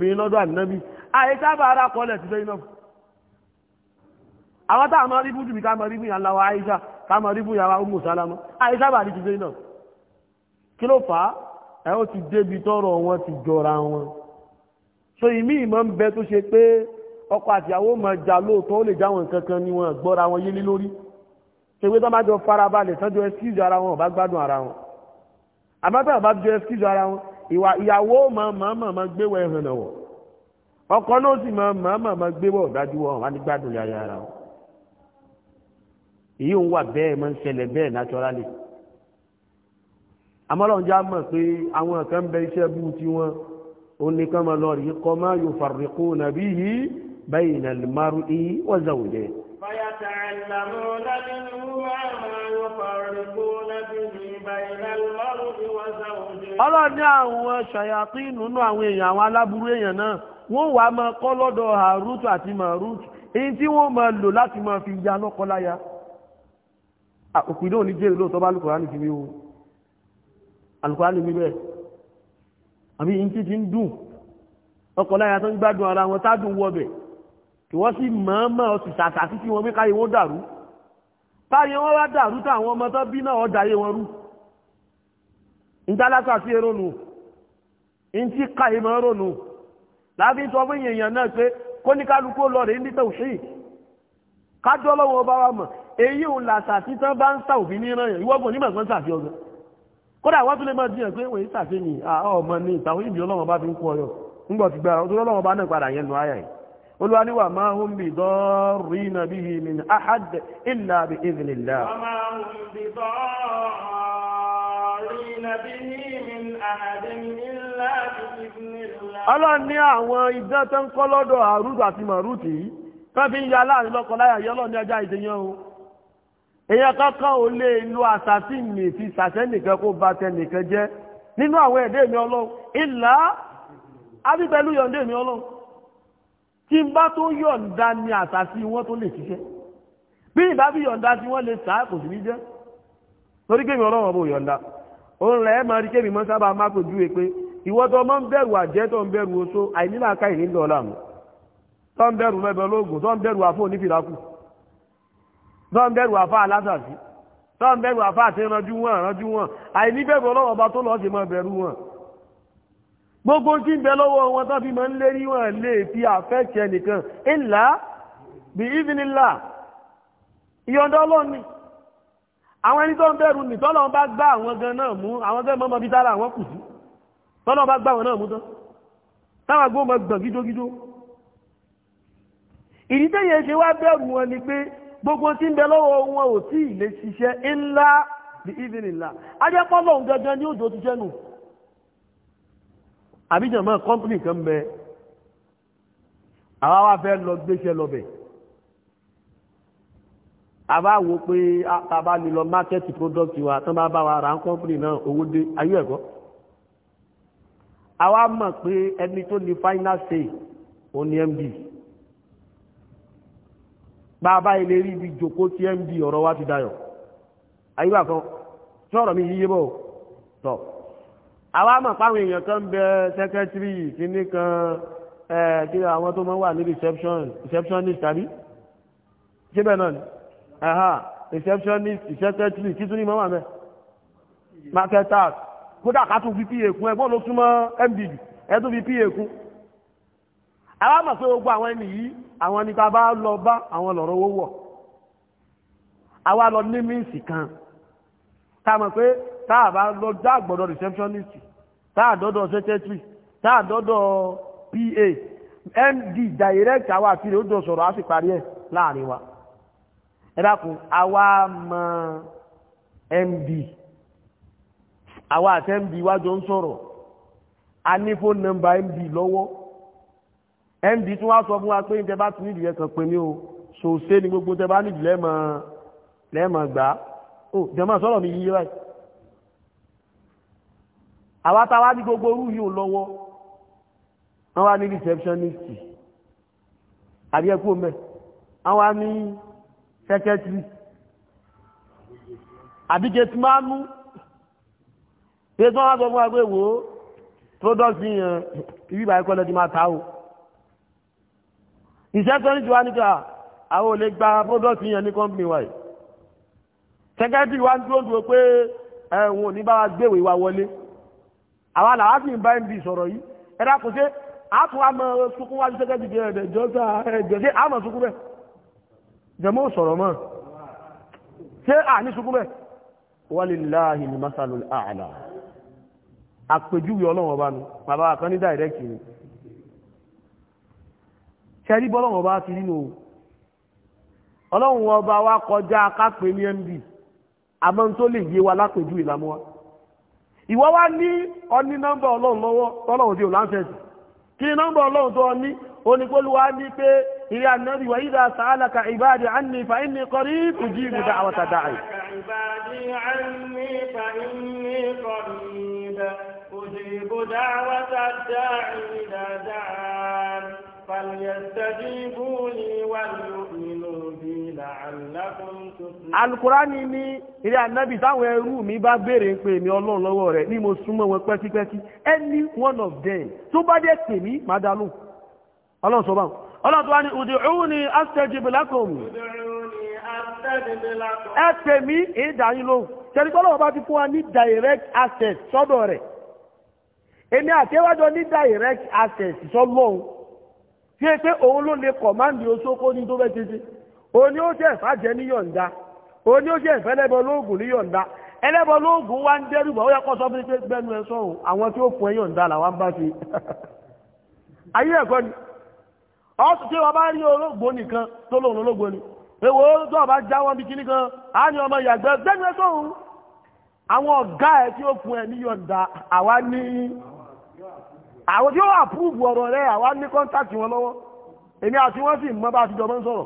bí àwọn táà mọ́ ríbú jùbí ká mọ́ ríbú ìyàláwà Aisha ká mọ́ ríbú ìyàwà Umu Salama Aisha bà ní ti Zainab kí ló fà á ẹ ó ti débi tọ́rọ̀ wọn ti jọra wọn so ìmí ìmọ̀ ń bẹ tó ṣe pé ọkọ àti ìyàwó mọ̀ jà lóòótọ́ ó lè jáwọn nǹkan ni wọn gbọ́ra wọn yé lórí ṣe pé tó bá jọ farabalẹ̀ sánjọ ẹskíìsì ara wọn ọba gbádùn ara wọn àbátà bá jọ ẹskíìsì ara wọn ìwà ìyàwó mọ̀ mọ̀ mọ̀ gbéwọ̀ ẹ̀hàn náà wọ̀ ọkọ náà sì mọ̀ mọ̀ gbéwọ̀ dájú wọn wà ní gbádùn yàyà ara wọn èyí ń wà bẹ́ẹ̀ máa ń ṣẹlẹ̀ bẹ́ẹ̀ naturally amọ́lọ́njá mọ̀ pé àwọn kan bẹ iṣẹ́ bú tí wọ́n ó ní kán máa lọ rí kọ́ máa yóò fàrìkó nàbí yìí báyìí nà lè márù ìyí wọ́n zàwò jẹ́ ọlọ́ni àwọn ṣàyàtí nínú àwọn èèyàn àwọn aláburú èèyàn náà wọ́n wà máa kọ́ lọ́dọ̀ àrútù àti màrútù èyí tí wọ́n máa lò láti máa fi ya lọ́kọláya. No Ah, òpìdó ní jẹ́ ìlú tọ́bá alùkùránì fi wíwó alùkùránì wíwẹ̀ àbí in tí ti ń dùn ọkọ̀ láyá tó ń gbádùn ara wọn tádùn wọ́bẹ̀ kí wọ́n sì mọ́ọ́mọ́ ọ̀sì sàtà sí kí wọ́n bí káyé wọ́n dàrú káyé wọ́n wá dàrú táwọn ọmọ tó bí náà ọ̀dà yé wọn rú ìdálákà sí erónù in tí káyé mọ́ rónù láti sọ fún èèyàn náà pé kóníkálukú lọ rèé ní tòṣì kájọ́ lọ́wọ́ bá wa mọ̀ èyí ò làṣà tí tán bá ń sà òfin ní ìrànyàn ìwọ́gbọ̀n nígbà kan sàfi ọgbọ̀n kódà wọ́n tún lè máa jiyàn pé wọ́n yí sàfi ní ọmọ ní ìtàwọn ìbí ọlọ́wọ́n bá fi ń kú ọyọ ńgbọ̀ ti gbára ọdún ọlọ́wọ́n bá náà padà yẹnu ayà yìí máa ń bi idhnillah ọlọ́run ní àwọn ìdán tó ń kọ́ lọ́dọ̀ àrùtù àti màrùtù yìí fẹ́ fi ń ya láàrin èyàn kankan ò lè lo àṣà tí mi fi ṣàṣẹ nìkan kó ba tẹ nìkan jẹ́ nínú àwọn ẹ̀dẹ́ mi ọlọ́run ìlà abíbẹ̀lú yọ̀ǹdẹ́ mi ọlọ́run tí n bá tó yọ̀ǹda ni àṣà sí wọn tó lè ṣiṣẹ́ bí ìbá bí yọ̀ǹda sí wọn lè sàá kò sí ní jẹ́ torí kémi ọlọ́run ọ̀bọ̀ yọ̀ǹda òun rẹ̀ máa rí kémi mọ́ sábà má kò ju èpè ìwọ́tọ̀ ọmọ ń bẹ̀rù àjẹ́ tó ń bẹ̀rù oṣó àìnílàáká ìnílọ́ọ̀lá tọ́ǹbẹ̀rù àfá alásàsí tọ́ǹbẹ̀rù àfá àti ìranjú wọn ìranjú wọn àìníbẹ̀rù ọlọ́wọ́ ọba tó lọ́ọ́ sì máa bẹ̀rù wọn gbogbo tí ń bẹ lọ́wọ́ wọn tó fi máa ń lérí wọn lè fi àfẹ́kẹ́ ẹnìkan ìlà bí ìfinilà ìyọ̀ndọ́ ọlọ́run ni àwọn ẹni tó ń bẹ̀rù nì tọ́lọ́ bá gbá àwọn gan náà mú àwọn tẹ́ mọ́mọ́ bí tára àwọn kù sí tọ́lọ́ bá gbá àwọn náà mú tán táwọn gbó mọ́ gbọ̀n gídógídó ìdí tẹ́yẹ ṣe wá bẹ̀rù wọn ni pé gbogbo tí ń bẹ lọ́wọ́ wọn ò tí ì lè ṣiṣẹ́ ńlá bí ìbìrìnlá ajẹ́pọ́lọ̀ gangan ní òjò ti jẹ́nu àbíjàmọ́ kọ́mpìnì kan bẹ àwa wá fẹ́ lọ gbéṣẹ́ lọ́bẹ̀ àbá wo pé àbá lè lọ mákẹ́tì product wa tán bá bá wa ra kọ́mpìnì náà owó dé ayé ẹ̀kọ́ àwa mọ̀ pé ẹni tó ní final say òun ni md bàbá ilé rí ibi jòkó tí ẹ ń bi ọ̀rọ̀ wa ti dayọ̀ àyíká kan tí ọ̀rọ̀ mi yíyé bọ̀ tọ̀ àwa mọ̀ páwọn èèyàn kan bẹ sẹ́kẹ́tírì kínní kan ẹ̀ kí àwọn tó máa ń wà ní receptionist tàbí síbẹ̀ náà ni receptionist secretary kí tún ní mọ́wàá mẹ́ marketers kódà ká tún fi pa èkún ẹgbọ́n ló súnmọ́ md ẹ̀tún fi pa èkún àwọn àmọ̀ pé gbogbo àwọn ẹni yìí àwọn ẹni tá bá lọ bá àwọn lọ̀rọ̀ owó wọ̀ àwa lọ ní míǹsì kan tá mọ̀ pé táà bá lọ dáàgbọ́dọ̀ receptionist táà dọ́dọ̀ secretary táà dọ́dọ̀ PA MD direct àwa àti rẹ̀ ó jọ sọ̀rọ̀ á sì parí ẹ̀ láàrin wa ẹ dákun àwa MD àwa àti MD wájọ ń sọ̀rọ̀ a ní phone number MD lọ́wọ́ md tún wá sọ fún wa pé níjẹ bá ti nídìí ẹkàn pé ní o ṣòṣe ni gbogbo tẹ bá nídìí lẹ́mọ̀ lẹ́mọ̀ gbà ó jẹ̀mọ́ sọ̀rọ̀ mi yíyé báyìí àwa táwa ní gbogbo orú yìí ò lọ́wọ́ wọ́n wá ní receptionist àríẹ́kú mẹ́ wọ́n wá ní secretary àbíjẹ tí máa mú pé tí wọ́n wá sọ fún wa pé wò ó product yìí yẹn ibi ìbáyé kọ́lẹ́ ti máa ta o ìṣẹ́sọ́rí ti wá ní ká àwọn olè gba pọ́dọ̀tì yẹn ní kọ́mpìnì wáyé sẹ́kẹ́tì wá ń dúró dúró pé ẹ̀wọ̀n ní bá wa gbéwèé wa wọlé àwọn aláwájú ìbá ń bí sọ̀rọ̀ yìí ẹ̀dá kò ṣe àtún àmọ́ sunkún wájú sẹ́kẹ́tì bí ẹ̀dẹ̀ jọ́sà ẹ̀jẹ̀ ṣe àmọ́ sunkún bẹ́ẹ̀ jẹ́mọ́ sọ̀rọ̀ mọ́ ṣé àní sunkún bẹ́ẹ̀ walillahi ni masalul a'la àpèjúwe ọlọ́run ọba nu bàbá kan ní dàìrẹ́kì ni ṣẹ́rí bọ́lọ́wọ́ bá ti nínú ọlọ́run ọba wa kọjá kápẹ́ ní mb àmọ́ tó lè yé wa lápèjú ìlàmú wa ìwọ wá ní ọní nọ́mbà ọlọ́run lọ́wọ́ tọ́lọ́run tí ò láǹfẹ̀sì kí ni nọ́mbà ọlọ́run tó ọní oníkólúwa ní pé ìrìn ànábì wà ìdá sàálàkà ìbáàdì àní fa inni qarib ujibu da'wata da'i ujibu da'wata da'i alukurani ní ilé anabi táwọn ẹrú mi bá béèrè ń pè mí ọlọ́run lọ́wọ́ rẹ̀ ni mo súnmọ́ wọn pẹ́kípẹ́kí any one of them tó bá dé pè mí má dá lóhùn ọlọ́run sọ báwọn ọlọ́run tó wá ní ud'uni astajib lakum ẹ pè mí ìdáyín lóhùn tẹ̀lé kọ́lọ́wọ́ bá ti fún wa ní direct access sọ́dọ̀ rẹ̀ èmi àtẹ́wájọ ní direct access sọ́lọ́hùn tí é pé òun ló lè kọ̀máǹdì oṣókó ní tó bẹ́ ti òun ni ó ṣe ìfàjẹ́ ní yọ̀ǹda òun ni ó ṣe ìfẹ́ lẹ́bọ lóògùn ní yọ̀ǹda ẹlẹ́bọ lóògùn wá ń dẹ́rùbọ̀ ó yẹ kọ́ sọ pé gbẹnu ẹ sọ̀rọ̀ àwọn tí ó fún ẹ yọ̀ǹda làwọn bá ṣe ayé ẹ̀kọ́ ni ọ̀sùn tí wọ́n bá rí olóògbò nìkan tó ni èwo tó ọba já wọn bí kíní kan á ní ọmọ ìyàgbẹ́ àwọn ọ̀gá ẹ tí ó fún ẹ ní yọ̀ǹda àwa ní àwọn tí ó wà púùbù ọ̀rọ̀ rẹ̀ àwa ní kọ́ńtàkì wọn lọ́wọ́ èmi àti wọ́n sì mọ́ bá a ti jọ mọ́ ń sọ̀rọ̀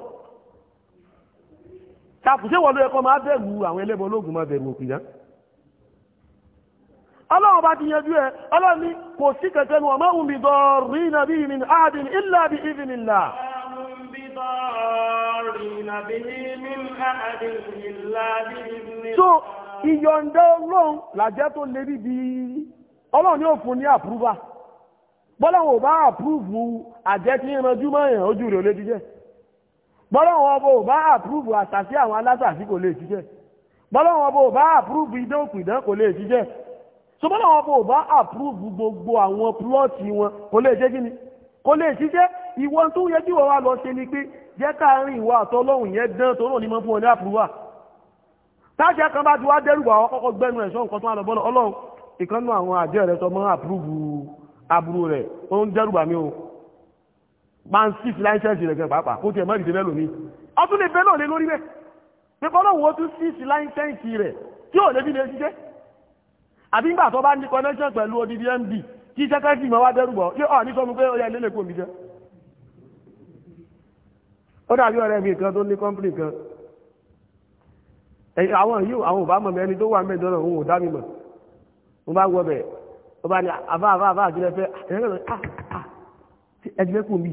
tàkùsí wọ́n ló máa bẹ̀rù àwọn ẹlẹ́bọ̀ ológun máa bẹ̀rù òkìdá ọlọ́run bá ti yanjú ẹ ọlọ́run kò sí kẹ̀kẹ́ ní ọmọ bí dọ̀rí ọlọ́run làjẹ́ tó fún ní àpúrúbà bọ́lọ́wọ́ bá àpúrùfù àjẹ́ tí ìrànjú mọ́yàn ojú rẹ̀ olè jíjẹ́ bọ́lọ́wọ́ ọbọ̀ bá àpúrùfù àṣàṣí àwọn alásàṣí kò lè jíjẹ́ bọ́lọ́wọ́ ọbọ̀ bá àpúrùfù ìdókùdán kò lè jíjẹ́ so jẹ́ ni kò lè jíjẹ́ ìwọ tó yẹ kí wọ́n wá lọ ṣe ni pé jẹ́ káàrin ìwà àtọ́lọ́hùn yẹn dán tó náà ní mọ́ fún ọ ní àpúrùwà táṣẹ́ kan bá ti wá dẹ́rù àwọn kọ́kọ́ gbẹ́nu ẹ̀ṣọ́ nǹkan tó wà lọ bọ́lọ́ ọlọ́run àwọn àjẹ́ rẹ̀ sọ mọ́ àpúrùfù aburú rẹ̀ ó ń dẹ́rùbà mí o bá ń sí láìsẹ́ǹsì rẹ̀ gan pàápàá kó tiẹ̀ mọ́ ìdílé lómi ọdún lè bẹ́ lòlé lórí rẹ̀ pípọ́ lọ́wọ́ ó tún sí láìsẹ́ǹsì rẹ̀ tí ò lè bí lè ṣiṣẹ́ àbí ńgbà tó bá ní connection pẹ̀lú odidi md kí sẹ́kẹ́sì mọ́ wá dẹ́rùbọ̀ yé ọ̀ ní sọmú pé ó yẹ ilé lè kó mi jẹ́ ó dàbí ọ̀rẹ́ mi kan tó ní company kan àwọn yìí àwọn ò bá mọ̀ mi ẹni tó wà mẹ́jọ náà òun ò dá mi mọ̀ mo bá wọ bẹ̀rẹ̀ ó bá ní àbá àbá àbá àjọyọ̀ fẹ́ ẹgbẹ́ kù mí.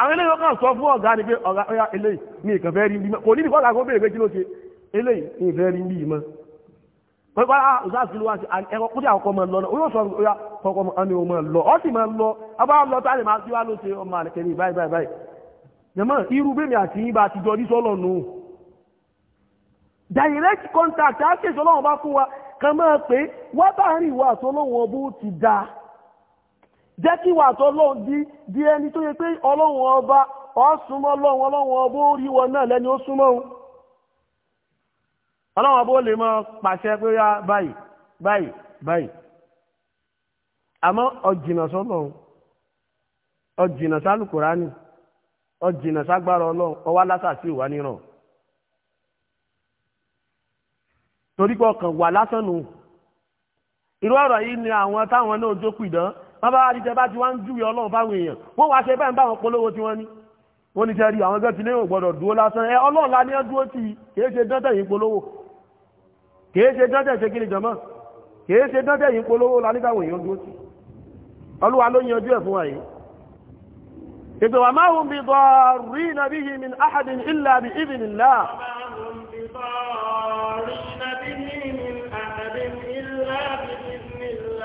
àwọn eléyìí kan sọ fún ọ̀gá ni pé ọ̀gá ọ̀yà eléyìí mi ìkàn rí bí kò ní ìfọ́gà kó béèrè pé kí eléyìí mi ìfẹ́ rí bí mọ́. wọ́n gbá ọ̀sáàsì ló wá sí ẹ̀kọ́ kúrò àkọ́kọ́ máa lọ náà yóò sọ ọ̀yà kọ́kọ́ máa ní lọ ọ́ sì máa lọ abá lọ tá lè máa sí wá ló ọmọ àlẹ́kẹ́ ní báyìí báyìí báyìí. jẹ̀mọ́ irú bẹ́ẹ̀ àti yín bá ti jọ ní sọ́lọ̀ nù. direct contact á kéṣọ́ lọ́wọ́ bá fún wa kan máa pé wá báàrin ìwà ọbú ti daa jẹ́ kí ìwà àtọ́lọ́hun di di ẹni tó yẹ pé ọlọ́hun ọba ọ̀súnmọ́ lọ́hun ọlọ́hun ọbú rí náà lẹ́ni ó súnmọ́ òun ọbú lè máa pàṣẹ pé yá báyìí báyìí báyìí àmọ́ ọ̀jìnà sọ́lọ́hun ọ̀jìnà sálùkùránì ọ̀jìnà ságbára ọlọ́hun ọwá lásà sí ìwà níràn torí pé ọkàn wà lásán nù irú ọ̀rọ̀ yìí ni àwọn táwọn náà jókòó ìdán wọ́n bá rí tẹ bá ti wá ń júwe ọlọ́run fáwọn èèyàn wọ́n wá ṣe bẹ́ẹ̀ báwọn polówó tí wọ́n ní wọ́n ní tẹ́rí àwọn gẹ́gẹ́ tí léèwọ̀n gbọ́dọ̀ dúró lásán ẹ ọlọ́run la ní ọdúró tí kìí ṣe dọ́tẹ̀ yìí polówó kìí ṣe dọ́tẹ̀ ṣe kíni jọmọ́ kìí ṣe dọ́tẹ̀ yìí polówó la nígbàwọ̀n èèyàn dúró tí olúwa ló yanjú ẹ̀ fún wa yìí ètò wà bí dọ̀rí nàbí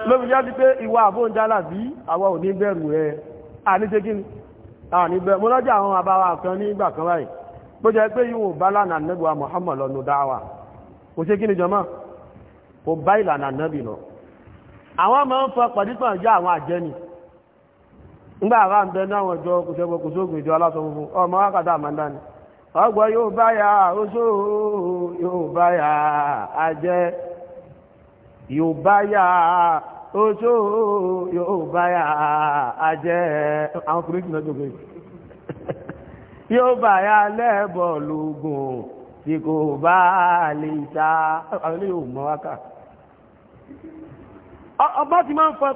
lóbi já sí pé ìwà àbóǹdálà bí àwa ò ní bẹ̀rù rẹ̀ àníṣegín àníbẹ̀ mo lọ́jà àwọn àbáwà kan ní ìgbà kan báyìí bó jẹ́ pé yíò bá lánàá nẹ́gbà Muhammad lọ́nu dáwà kò ṣe kí ni jọmọ́ kò bá ìlànà nẹ́bì lọ àwọn ọmọ ń fọ pàdípàá já yóò bá ya oṣó yóò bá ya àjẹ́ yóò bá ya ojú yóò bá yà á jẹ́ àwọn ọkùnrin jùlọ jùlọ yóò bá yà lẹ́bọ̀ lógún tí kò bá lè ta àwọn ilé yóò ti máa ń fọ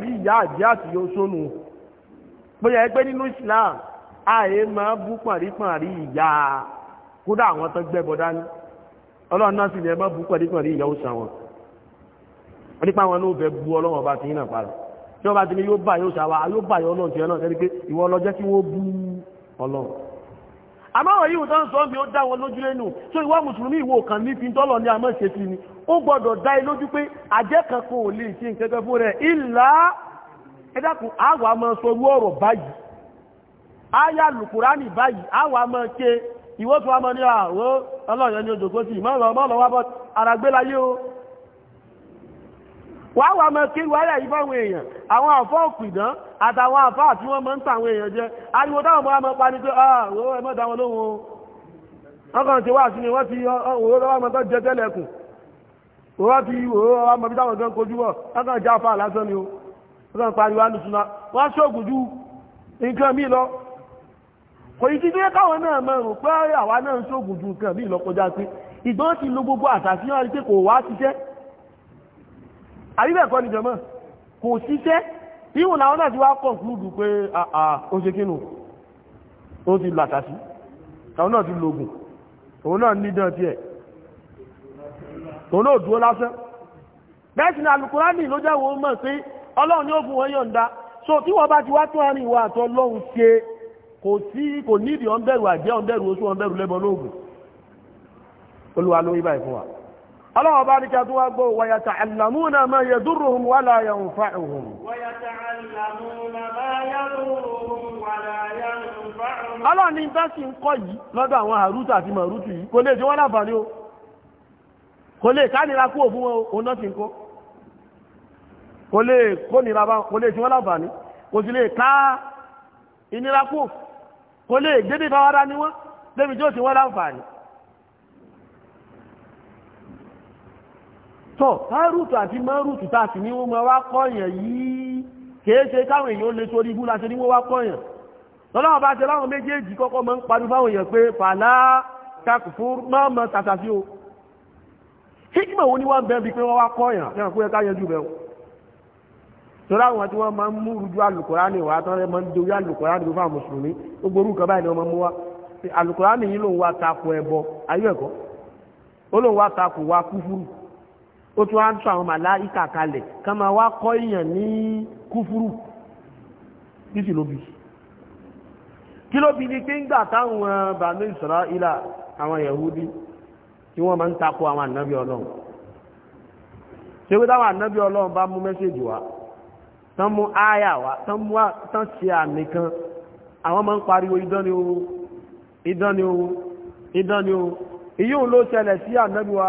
ìyá àti bóyá ẹgbẹ́ nínú Islam máa bú ìyá kódà àwọn tó dání ọlọ́run náà sì bú ìyá wọ́n nípa àwọn náà fẹ́ bu ọlọ́run ọba tí náà padà tí wọ́n bá ti ní yóò bá yóò ṣàwà yóò bá yóò ọlọ́run tiẹ̀ náà tẹ́lẹ̀ pé ìwọ ọlọ́jẹ́ kí wọ́n bú ọlọ́run àmọ́ àwọn yìí tó ń sọ bí ó dá wọn lójú lẹ́nu tó ìwọ mùsùlùmí ìwò kan ní fi tọ́lọ̀ ní àmọ́ ìṣe sí ni ó gbọ́dọ̀ dá i lójú pé àjẹ́ kan kò lè ṣe nǹkan fún rẹ̀ ìlà ẹ dákun àwa sọ irú ọ̀rọ̀ báyìí àyà lùkùránì báyìí àwa máa ké ìwọ́sùn àmọ́ ní àwọn ọlọ́yọ̀ ní odòkó sí ìmọ̀ wà wà mọ̀ kí wàhálà yìí fáwọn èèyàn àwọn àfọ́ òpìdán àtàwọn àfọ́ àti wọ́n mọ́ ń tàwọn èèyàn jẹ́ ariwo táwọn bọ́ mọ́ pa ní pé ọ̀rọ̀ ah, ẹ̀mọ́ta wọn lóhun wọ́n kàn ti wá sí ni wọ́n ti òwúrọ̀ lọ́wọ́ mọ́ tó jẹ tẹ́lẹ̀kùn wọ́n ti òwúrọ̀ lọ́wọ́ mọ́ bí táwọn gan kojú wọ̀ wọ́n kàn já fà lásán ni o wọ́n kàn pariwo alùsùnà wọ́n ṣògùn ju nǹkan mí lọ kò yí títí káwọn náà mọ̀ rò pé àwa náà ṣògùn ju nǹkan mí lọ kọjá pé ìdán ti lo gbogbo àtàfihàn pé kò wá ṣiṣẹ́ àríbẹ̀kọ́ ni jọmọ́ kò síṣẹ́ ìwọ̀n làwọn náà ti wá kọ̀nkúlùdù pé ó ṣe kínú ó ti làtàsí àwọn náà ti lògùn òun náà nídàn tí ẹ̀ òun náà dúró lásán bẹ́ẹ̀ sì ni alukurani ló jẹ́wọ́ mọ̀ pé ọlọ́run ni fún wọn yọ̀ǹda so tí wọ́n bá ti wá tó àárín ìwà àtọ́ lọ́hun ṣe kò sí kò nídìí ọ̀nbẹ̀rù àjẹ́ ọ̀nbẹ̀rù oṣù ọ̀nbẹ̀rù lẹ́bọn lóògùn olúwa ló rí báyìí fún wa ọlọ́wọ́ bá ní kí a tún wá gbọ́ وَيَتَعَلَّمُونَ مَا يَضُرُّهُمْ وَلَا يَنْفَعُهُمْ وَيَتَعَلَّمُونَ مَا يَضُرُّهُمْ وَلَا يَنْفَعُهُمْ ọlọ́ni bá sì ń kọ́ yìí lọ́dọ̀ àwọn àrútù àti màrútù yìí kò lè jẹ́ wọ́n láǹfààní o kò lè kánira kúrò fún wọn ti ń kọ́ kò lè kónira bá kò lè jẹ́ wọ́n láǹfààní kò sì lè ká ìnira kúrò kò lè gbé tọ́ hárùtù àti márùtù tàà sì ní wọ́n máa wá kọ́yàn yìí kéése káwọn èèyàn lè torí ibú láti ní wọ́n wá kọ́yàn lọ́lọ́wọ́ bá ṣe láwọn méjèèjì kọ́kọ́ máa ń parí fáwọn èèyàn pé fàlá takfur máa mọ tàtàfí o hikima wo ni wọ́n bẹ́ẹ̀ bí pé wọ́n wá kọ́yàn fẹ́ràn kó yẹ ká yẹjú bẹ́ẹ̀ torí àwọn tí wọ́n máa ń mú rújú alùkùránì wá tán rẹ̀ máa ń dorí alùkùránì fún àwọn mùsùlùmí gbogbo orúkọ báyìí ni wọ́n máa mú wá alùkùránì yìí lòun wá takò ẹbọ ayé ẹ̀kọ́ ó lòun wá takò wá kúfúrú ó tún wá ń tún àwọn màláìkà kalẹ̀ ká máa wá kọ́ èèyàn ní kúfúrú títí ló kí ló bí ní pé ń gbà táwọn eh, bàánú Ísírẹ́lì àwọn Yahudi tí wọ́n máa ń takò àwọn ànábí ọlọ́run ṣe wé táwọn ànábí ọlọ́run bá mú mẹ́sẹ̀jì wá tán mú áyà wá tán mú tán ṣe àmì kan àwọn máa ń pariwo idán ni o idán ni o idán ni o èyí òun ló ṣẹlẹ̀ sí ànábí wa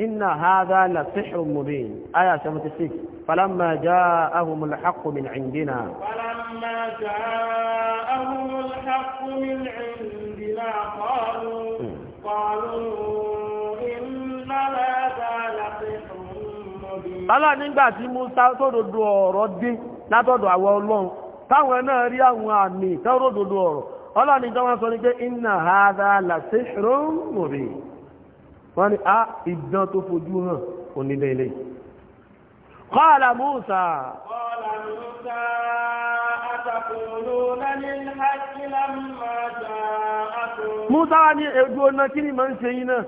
إن هذا لسحر مبين آية 76 فلما جاءهم الحق من عندنا فلما جاءهم الحق من عندنا قالوا قالوا Ọlọ́run nígbà tí Musa sódòdó ọ̀rọ̀ dé látọ̀dọ̀ àwọn ọlọ́run táwọn náà rí àwọn àmì tẹ́rọ̀dòdó ọ̀rọ̀. Ọlọ́run ni jọ wọ́n sọ ní inna hadha la sihrun mubin wọ́n ní a ah, ìdán tó fojú hàn onílé ilé kọ́ọ̀lá Musa kọ́ọ̀lá Musa àtàkùnlónà ní àkílámà jà ákùn Musa wá ní ẹgbẹ́ ọ̀nà kí ni máa ń ṣe yín náà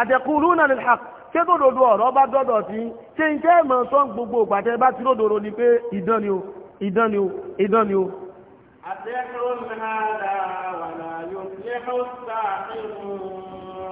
àtàkùnlónà ní àkùn ṣé tó dòdò ọ̀rọ̀ bá dọ́dọ̀ sí ṣe ń jẹ́ ìmọ̀ sọ gbogbo ìgbàtẹ́ bá tí lódòrò ni pé ìdán ni o ìdán ni o ìdán ni o àtẹ́kùnlónà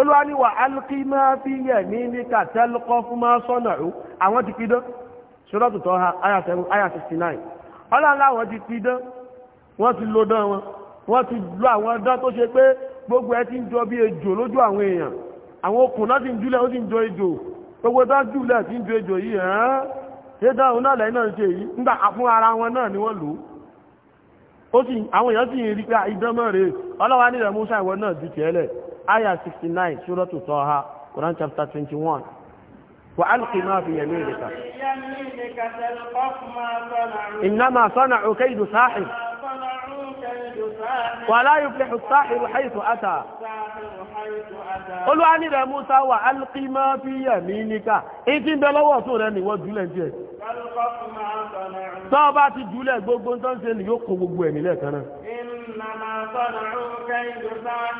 olúwa ní wà alqi ma fi yaminika talqaf àwọn ti 69 ọlọ́run àwọn ti pidán wọ́n ti lo wọn wọ́n ti lo àwọn dán tó ṣe pé gbogbo ẹ ti ń jọ bí ejò lójú àwọn èèyàn àwọn okùn náà ti ń júlẹ̀ ó ti ń jọ ejò yìí hàn ṣé dán òun náà lẹ́yìn náà ṣe yìí fún ara wọn náà ni wọ́n lò èèyàn sì ń rí pé rèé ọlọ́wà nílẹ̀ Musa ìwọ náà ju ayah 69 surah Taha Quran chapter 21 وألق ما في يمينك إنما صنعوا كيد ساحر ولا يفلح الساحر حيث أتى Olúwa ní rẹ̀ Musa wà alqi ma fi yaminika, ìtí ń bẹ lọ́wọ́ tó rẹ̀ níwọ́ jùlẹ̀ jẹ́. Tọ́ bá ti jùlẹ̀ gbogbo tó ń ṣe ni yóò kó gbogbo ẹ̀ nílẹ̀ kan náà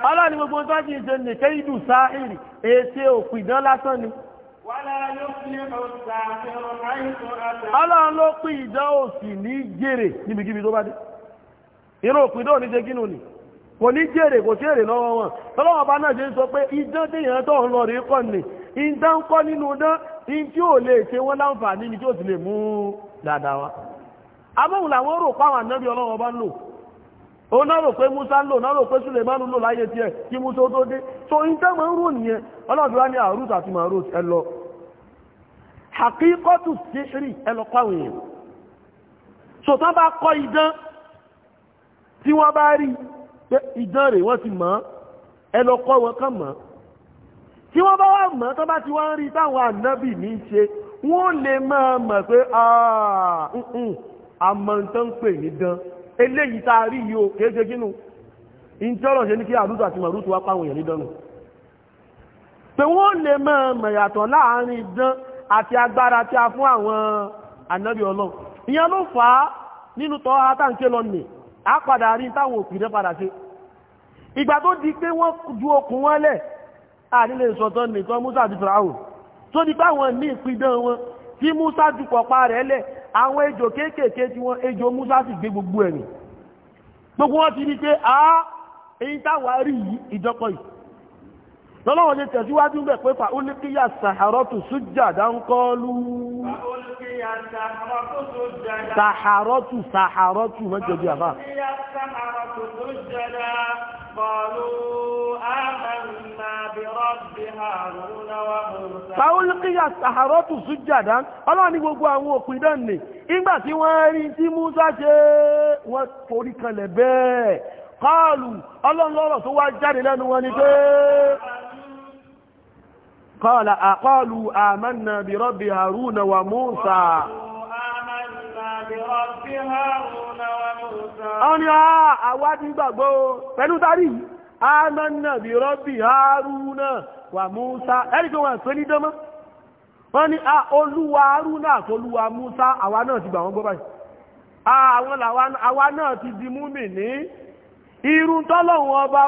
ọlọ́ni gbogbo tó ti ṣe nìkẹ́ ìdù sáàìrì ètè òkú ìdán lásán ni ọlọ́run ló pín ìdán òsì ní jèrè níbikíbi tó bá dé irú òkú ìdán òní jẹ́ kínú ni kò ní jèrè kò sí èrè lọ́wọ́ wọn tọ́lọ́wọ́ bá náà ṣe ń sọ pé ìdán téèyàn tó ń lọ rí kọ́ ni ìdán ń kọ́ nínú dán in tí ò lè ṣe wọ́n láǹfààní ni tí ò sì lè mú dáadáa wa abóhùn làwọn rò pàwọn ànábì ọlọ́wọ́ bá ń lò ó nárò pé Musa lò nárò pé Sulemanu lò láyé tí ẹ kí Musa tó dé so in tẹ́ mọ̀ ń rò nìyẹn ọlọ́dúnrà ní àrùs àti marus ẹlọ àkíkọ́tù síhìrì ẹlọ pàwọn so tán bá kọ́ idán tí wọ́n bá rí pé idán rẹ̀ wọ́n ti mọ̀ ẹlọ kọ́ wọn kàn mọ̀ tí wọ́n bá wà mọ̀ tán bá ti wá ń rí táwọn ànábì ní ṣe wọ́n lè máa mọ̀ pé àà àmọ̀ tán pè ní dán eléyìí tá a rí yìí o kìí ṣe kínú ìjọ́rọ̀ ṣe ní kí àrútù àti màrútù wá páwọn èèyàn nídánù pé wọ́n lè máa mẹ̀yàtọ̀ láàrin ìdán àti agbára tí a fún àwọn ànábì ọlọ́run ìyẹn ló fà á nínú tọ́ àtàǹké lọ nì á padà rí táwọn òpìdẹ́ padà ṣe tí Musa ju pọ̀pá rẹ̀ lẹ̀ àwọn ejò kéékèèké tí wọ́n ejò Musa sì gbé gbogbo ẹ̀rìn gbogbo wọn ti rí pé a èyí táwà rí ìjọpọ̀ yìí lọ́lọ́wọ́ lè tẹ̀síwájú ń bẹ̀ pé fa olùkíyà sàhárọ́tù sójà dáńkọ́lù sàhárọ́tù sàhárọ́tù mẹ́jọdí àbá قالوا آمنا برب هارون fàúlùkìyà sàárọ́tù sùjàdá ọlọ́run ní gbogbo àwọn òkú idán nì ìgbà tí wọ́n rí tí Musa ṣe wọ́n forí kalẹ̀ bẹ́ẹ̀ kọlù ọlọ́run tó wá jáde lẹ́nu wọn ni pé kọlù àmànà bí rọ́bì Haruna wa Musa ọ̀nà àwádìí gbàgbọ́ pẹ̀lú amẹ́nà bí rọ́bì haruna wà musa ẹ́rìkẹ́ wọn pé ní wọ́n ní a ah, olúwa haruna àti olúwa musa àwa náà ti gbà wọ́n gbọ́ báyìí ah, àwọn àwa náà ti di múmi ní irun tọ́lọ̀wọ̀n ọba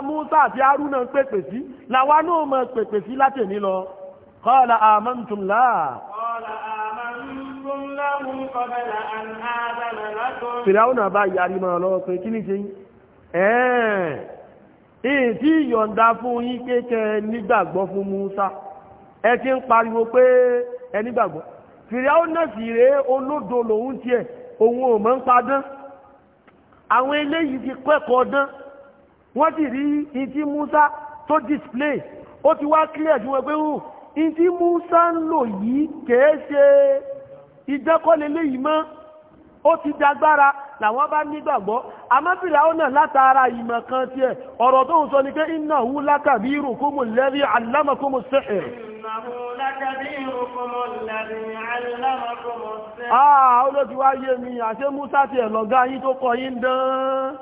haruna pèpè sí làwa náà mọ̀ pèpè sí látẹ̀ní lọ kọ́ọ̀lá àmọ́ntùm láà fìlà ó nà bá yàrí mọ́ ọ lọ́wọ́ pé kí ní ṣe yín ẹ̀ẹ́ èyí tí yọ̀ǹda fún yín kéèkẹ́ nígbàgbọ́ fún Musa ẹ ti ń pariwo pé ẹ nígbàgbọ́ fìrìáwó náà sì rèé olódo lòun tiẹ̀ òun ò mọ̀ ń padán àwọn eléyìí ti kẹ́kọ̀ọ́ dán wọ́n ti rí ìtí Musa tó display ó ti wá clear ju wọn pé hù ìtí Musa ń lò yìí kèé ṣe ìjẹ́kọ́lélẹ́yìí mọ́ ó ti dagbára làwọn bá nígbàgbọ́ amábìlà ó náà látara ìmọ̀ kan tiẹ̀ ọ̀rọ̀ tó ń sọ ní pé iná hú lákàbí irùnkúmù lẹ́rí alámọ̀kúmù sẹ́ẹ̀ ah olóòtú yé mi àṣẹ Musa ti ẹ̀ lọ́gá yín tó kọ yín dán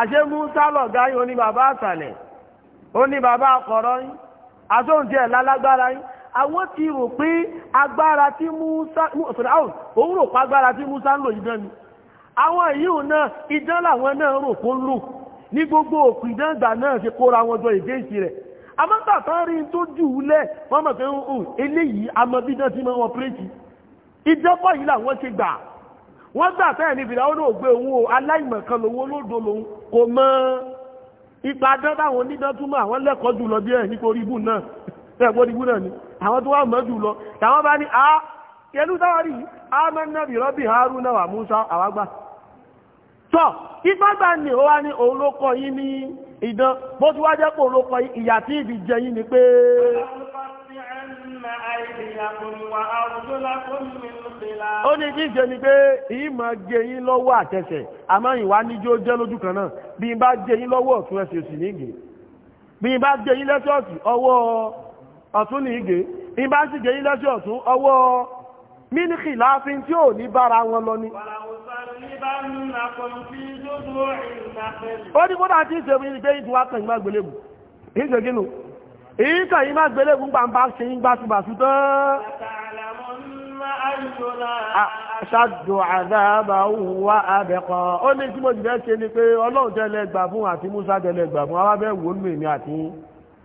àṣẹ Musa lọ́gá yín ó ní bàbá àsàlẹ̀ ó ní bàbá akọ̀rọ̀ yín àṣóhùn ti lálágbára yín àwọn ti rò pé agbára tí Musa fìràún òun rò pa agbára tí Musa ń lò ìdán ni àwọn yíò náà ìdán làwọn náà rò kó ń lò ní gbogbo òkú ìdán ìgbà náà ṣe kóra wọn jọ èdè ìsì rẹ̀ amọ́tàtàn rí tó jù ú lẹ̀ wọ́n mọ̀ pé ń hù eléyìí amọ̀bídán ti máa wọn pírẹ́tì ìjọpọ̀ yìí làwọn ṣe gbà wọ́n gbà fẹ́ẹ̀ ní fìràún náà gbé òun o aláìmọ̀kan lòun olódo lòun kò mọ ipa dán táwọn onídán túmọ̀ àwọn lẹ́kọ̀ọ́ jù lọ bí ẹ̀ nítorí ibù náà ẹgbọ́n ibú náà ni àwọn tó wà mọ́jú lọ tàwọn bá ní àá kẹlú ìdán bó ti wá jẹ́ pé olókọ ìyà tí ìbí jẹ yìí ni pé ó ní kí ìjẹ ni pé ìmọ̀ gé yín lọ́wọ́ àtẹsẹ̀ àmọ́ ìwà níjó jẹ́ lójú kan náà bí bá gé yín lọ́wọ́ ọ̀tún ẹsẹ̀ òsì nígbè bí bá gé yín lẹ́sẹ̀ ọwọ́ ọ̀tún ní igé ìbá sì gé ilẹ́ṣẹ́ ọ̀tún ọwọ́ míníkì láàfin tí ò ní bára wọn lọ ní ó ní kódà tí ìṣẹ́ mi gbé ìdíwá kan ìmá gbélébù ìṣẹ́ gínú ìyíkà ìmá gbélébù gbàmbá ṣe ń gbásùgbàsù tán aṣáàdù àdáàbà wà àbẹ̀kọ́ ó ní tí mo jù ṣe ni pé ọlọ́run tẹ́lẹ̀ gbà fún àti Musa tẹ́lẹ̀ gbà fún awábẹ́ wò nù èmi àti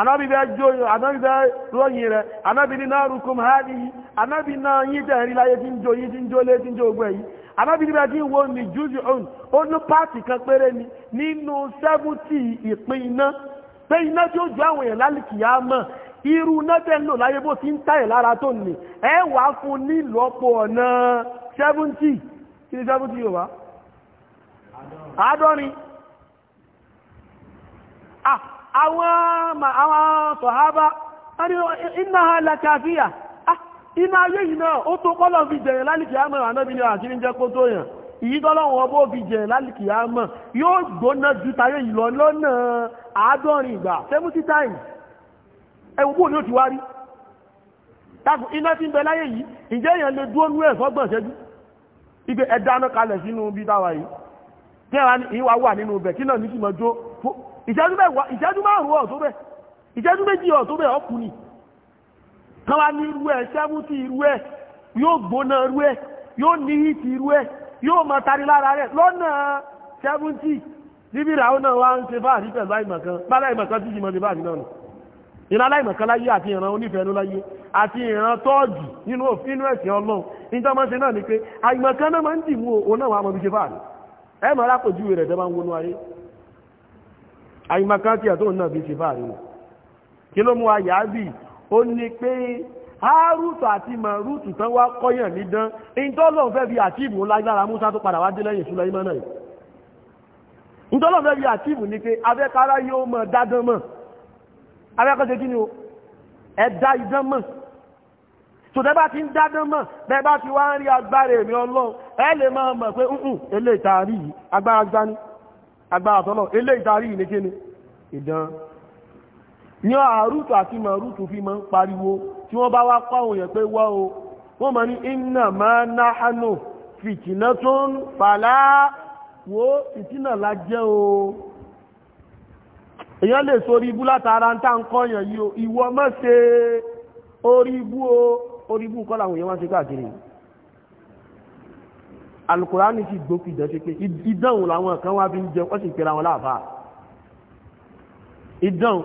anábi bẹ́ jóyìn anábi bẹ́ ròyìn rẹ̀ anábi ní náà rúkún hádì yìí anábi náà yí tẹ̀rí láyé tí ń jó yí tí ń jó lé tí ń jó wo ní júùsì òun ó ní kan péré ni nínú sẹ́fúntì ìpín iná pé iná tí ó jó àwọn èèyàn lálìkìyà mọ̀ irú iná tẹ́ ń lò ti ń táyẹ̀ lára tó nì ẹ wàá fún nílọ́pọ̀ ọ̀nà sẹ́fúntì kí ni sẹ́fúntì yóò wá àádọ́rin ah àwọn sọ̀hábá ẹni iná alákàfíà iná ayé yìí náà ó tó kọ́lọ̀ fi jẹ̀yàn lálìkì àmọ́ ànábi ni àṣírí jẹ́ kó tó yàn ìyí tọ́lọ́wọ́ bó fi jẹ̀yàn lálìkì àmọ́ yóò gbóná ju tayé yìí lọ lọ́nà àádọ́rin ìgbà 70 times ẹwù ni ó ti wá iná ń bẹ láyé yìí ìjẹ́ èèyàn lè dúó nú ẹ̀ fọ́gbọ̀n ṣẹ́jú ibi kalẹ̀ sínú bí táwa yìí tí wà nínú ibẹ̀ kí náà ní sì mọ́ jó ìṣẹ́jú márùn-ún ọ̀tọ́ bẹ̀ ìṣẹ́jú méjì ọ̀tọ́ bẹ̀ ọkù ni kan wá ní irú ẹ̀ sẹ́mútì irú ẹ̀ yóò gbóná irú ẹ̀ yóò ní hìtì irú ẹ̀ yóò mọ tari lára rẹ̀ lọ́nà sẹ́mútì níbi ìràwọ̀ náà wá ń ṣe fáàrí pẹ̀lú àìmọ̀kan bára àìmọ̀kan tí ìmọ̀ ṣe fáàrí náà nù ìran aláìmọ̀kan láyé àti ìran onífẹ̀ẹ́nú láyé àti ìran tọ́ọ̀jù nínú òfin ẹ̀sìn ọlọ́run níta máa ń ṣe náà ni pé àìmọ̀kan náà máa ń dìmú òun náà wà á mọ̀ bí ṣe fáàrí ẹ̀ mọ̀ alákòjú rẹ̀ tẹ́ bá ń wọnú ayé àìmọ̀kan tí àtọ́ náà fi ṣe fàárí rẹ̀ kí ló mú ayà bí ó ní pé hárùtù àti mọ̀rùtù tán wá kọ́yàn ní dán ìtọ́lọ̀ fẹ́ fi àtìbù lágbára Músà tó padà wá dé lẹ́yìn Sùlẹ́mánà yìí ìtọ́lọ̀ fẹ́ fi àtìbù ní pé abẹ́kára ti ń dádán mọ̀ bẹ́ẹ̀ ti wá ń rí agbára èmi Ọlọ́run ẹ lè máa mọ̀ pé ń agbára tọ́lọ̀ ilé ìtarí ìlékè ni ìdán ní àrùtù àti màrùtù fi máa ń pariwo tí wọ́n bá wá pàwọn èèyàn pé wá o wọ́n mọ̀ ní iná máa náhánù fìtìnà tó ń fàlá wo fìtìnà la jẹ́ o èèyàn lè sórí ibú látara ń tá ń kọ́yàn yìí o ìwọ mọ́ ṣe orí ibú o orí ibú kọ́ alukurani ti gbókì ìdán ṣe pé ìdánwò làwọn kan wá fi ń jẹun wọ́n sì ń pera wọn láàfà ìdánwò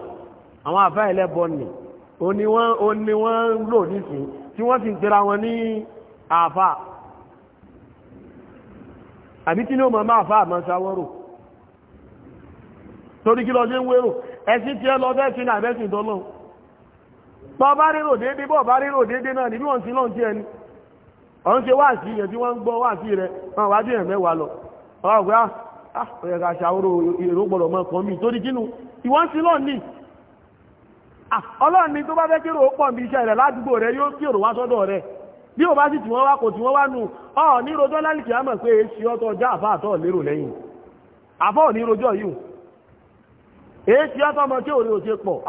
àwọn àfà ẹlẹ́bọ ni òní wọ́n òní wọ́n ń lò nísìn tí wọ́n sì ń pera wọn ní àfà àbí tí ní ó mọ̀ máa àfà àmọ́ sáwọ́rò bá rírò ọ̀n ṣe wá sí ìyẹn tí wọ́n ń gbọ́ wá sí rẹ̀ wọn wájú ẹ̀ mẹ́wàá lọ ọ̀rọ̀ ah, ah, ṣàwòrò èrò gbọ́dọ̀ mọ́ kan mi torí kínú ìwọ́n sí tó bá fẹ́ pọ̀ rẹ̀ ládùúgbò rẹ̀ yóò wá sọ́dọ̀ rẹ̀ bí ò bá sì tí wọ́n wá kò tí wọ́n wá nù ní rojọ́ lálìkì á mọ̀ pé e ṣe já àfá àtọ̀ lérò lẹ́yìn e ọmọ tí pọ̀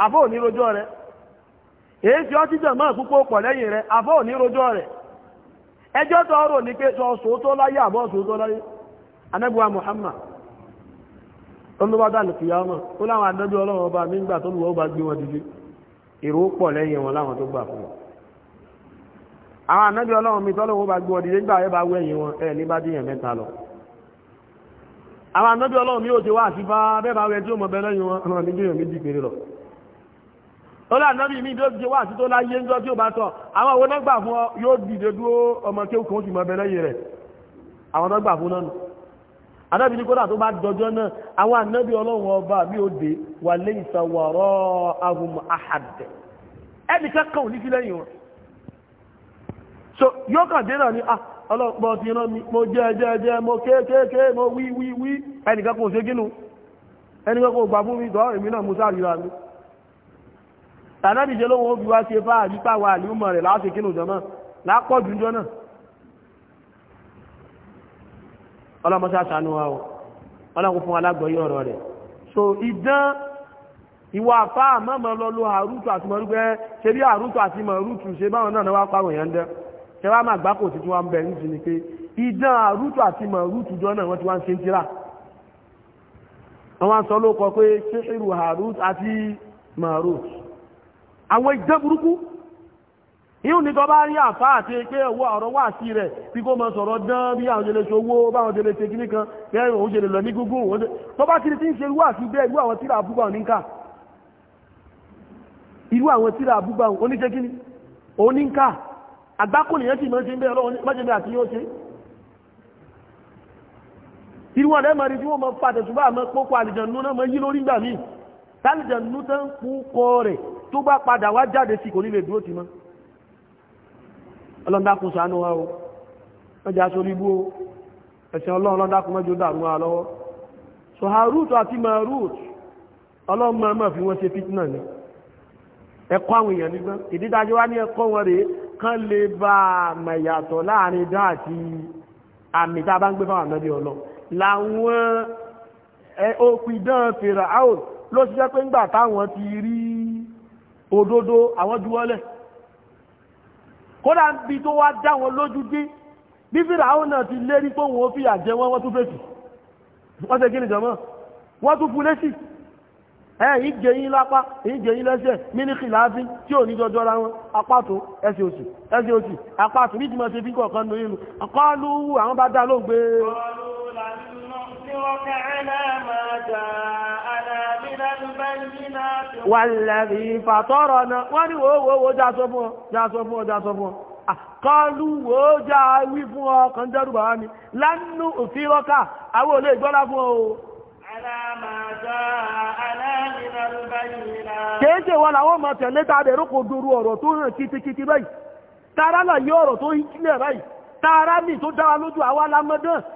àfọ́ ò ní rojọ́ rẹ̀ èé e jẹ̀ mọ́ púpọ̀ pọ̀ lẹ́yìn rẹ̀ ẹjọ́ tó rò ní pé sọ sóótọ́ láyé àbọ́ sóótọ́ láyé anẹ́bùwa Muhammad olúwádà lùkìyà ọmọ ó láwọn adájọ́ ọlọ́wọ́ bá nígbà tó lùwọ́ bá gbé wọn dìde èrò pọ̀ lẹ́yìn wọn láwọn tó gbà fún wọn àwọn anájọ́ ọlọ́wọ́ mi tọ́lọ́wọ́ bá gbé wọn dìde gbà ẹ bá wẹ̀yìn wọn ẹ ní bá díyàn ọlá ànábì mi tó jẹ́ wà sí tó láyé ńjọ́ tí ó bá tọ̀ àwọn àwọn ọ̀nà gbà fún ọ yóò dìde dúró ọmọ tí ó kàn ó sì mọ ẹbẹ lẹ́yìn rẹ̀ àwọn ọ̀nà gbà fún náà ànábì ní kódà tó bá dọjọ́ náà àwọn ànábì ọlọ́run ọba mi ò dé wà lẹ́yìn sàwọ̀rọ̀ ahùn àhàdẹ̀ ẹnì kankan ò ní sí lẹ́yìn wọn so yóò kàn dé náà ni ah ọlọ́pọ̀ ti rán mi mo jẹ́ jẹ́ jẹ́ mo kéékèèké mo wí wí wí ẹnì kankan ò ṣe gínú ẹnì kankan ò gbà fún mi tọ́ èmi náà mo sáré ra mi tànàbì jẹ́ lówó fi wá ṣe fáà nípa wà àlúmọ̀ rẹ̀ láti kínú jọmọ́ lápọ̀jù jọ náà ọlọ́mọṣá ṣàánú wa o ọlọ́run fún alágbọ̀yé ọ̀rọ̀ rẹ̀ so ìdán ìwà àfáà mọ́mọ́ lọ lo àrùtù àti mọ̀rúgbẹ́ ṣe bí àrùtù àti mọ̀rútù ṣe báwọn náà wá pàwọn èèyàn dán wọ́n ni pé ìdán àrùtù àti mọ̀rútù jọ náà wọ́n ti wá ń ṣe ń tíra wọ́n wá ń sọ lóko pé ṣé ìrù àrùtù àti mọ̀rútù àwọn ìdẹ́ burúkú yíò ní tọba rí àfá àti pé owó ọ̀rọ̀ wà sí rẹ̀ tí kó mọ sọ̀rọ̀ dán bí àwọn jẹlẹ̀ ṣowó báwọn jẹlẹ̀ ṣe kí nìkan kẹrin òun jẹlẹ̀ lọ ní gúgún tọba kiri tí ń ṣe irú àfi bẹ́ẹ̀ irú àwọn tíra àbúgbà oníkà irú àwọn tíra àbúgbà oníṣẹ́kíní oníkà àgbákùnìyàn sì mọ́ ṣe ń bẹ́ẹ̀ ọlọ́run mọ́jẹ̀mẹ́ àti yóò ṣe irú ọ̀rẹ́ mọ̀ rí tí wọ́n mọ pàtẹ̀sùbà mọ́ pópó àlìjànú náà mọ́ yí lórí gbà míì tálìjànú tán kú kọ rẹ̀ tó bá padà wá jáde sí kò ní lè dúró ti mọ́ ọlọ́ndákun ṣàánú wa o ọjà sórí ibú o ẹ̀sẹ̀ ọlọ́run ọlọ́ndákun mọ́jú dàrú wa lọ́wọ́ so harut àti marut ọlọ́run máa mọ̀ fi wọ́n se fitna ni ẹ̀kọ́ àwọn èèyàn nígbà ìdídájọ́ wá ní ẹ̀kọ́ wọn rèé kán lè bá mẹ̀yàtọ̀ láàrin dá àti àmì tá a bá ń gbé fáwọn àmọ́bí ọlọ́ làwọn òpìdán fèrè áùt ló ṣiṣẹ́ pé ńgbà táwọn ti rí òdodo àwọn juwọ́lẹ̀ kódà ń bi tó wá dá wọn lójú dé bí fìràwọ́ náà ti lérí pé wọ́n fìyà jẹ wọ́n wọ́n tún fèsì wọ́n tẹ́ gíní jọmọ́ wọ́n tún fún lẹ́sì ẹ̀ ìjẹyìn lápá ìjẹyìn lẹ́sẹ̀ mínísì láàfí tí ò ní ti mọ̀ ṣe fi kọ̀ọ̀kan nù inú ọkọ̀ lóhùn àwọn أصبرك على ما جاءنا من البينات والذي فطرنا wo wo já sọ ọ já sọ ọ já sọ fún ọ kọlu wo já wí fún ọ kan dẹ́rù bàá ni lánú òfin rọ́kà àwọn olè gbọ́lá fún ọ kéèjè wọn làwọn ọmọ tẹ̀lé tàbí rúkò dúró ọ̀rọ̀ tó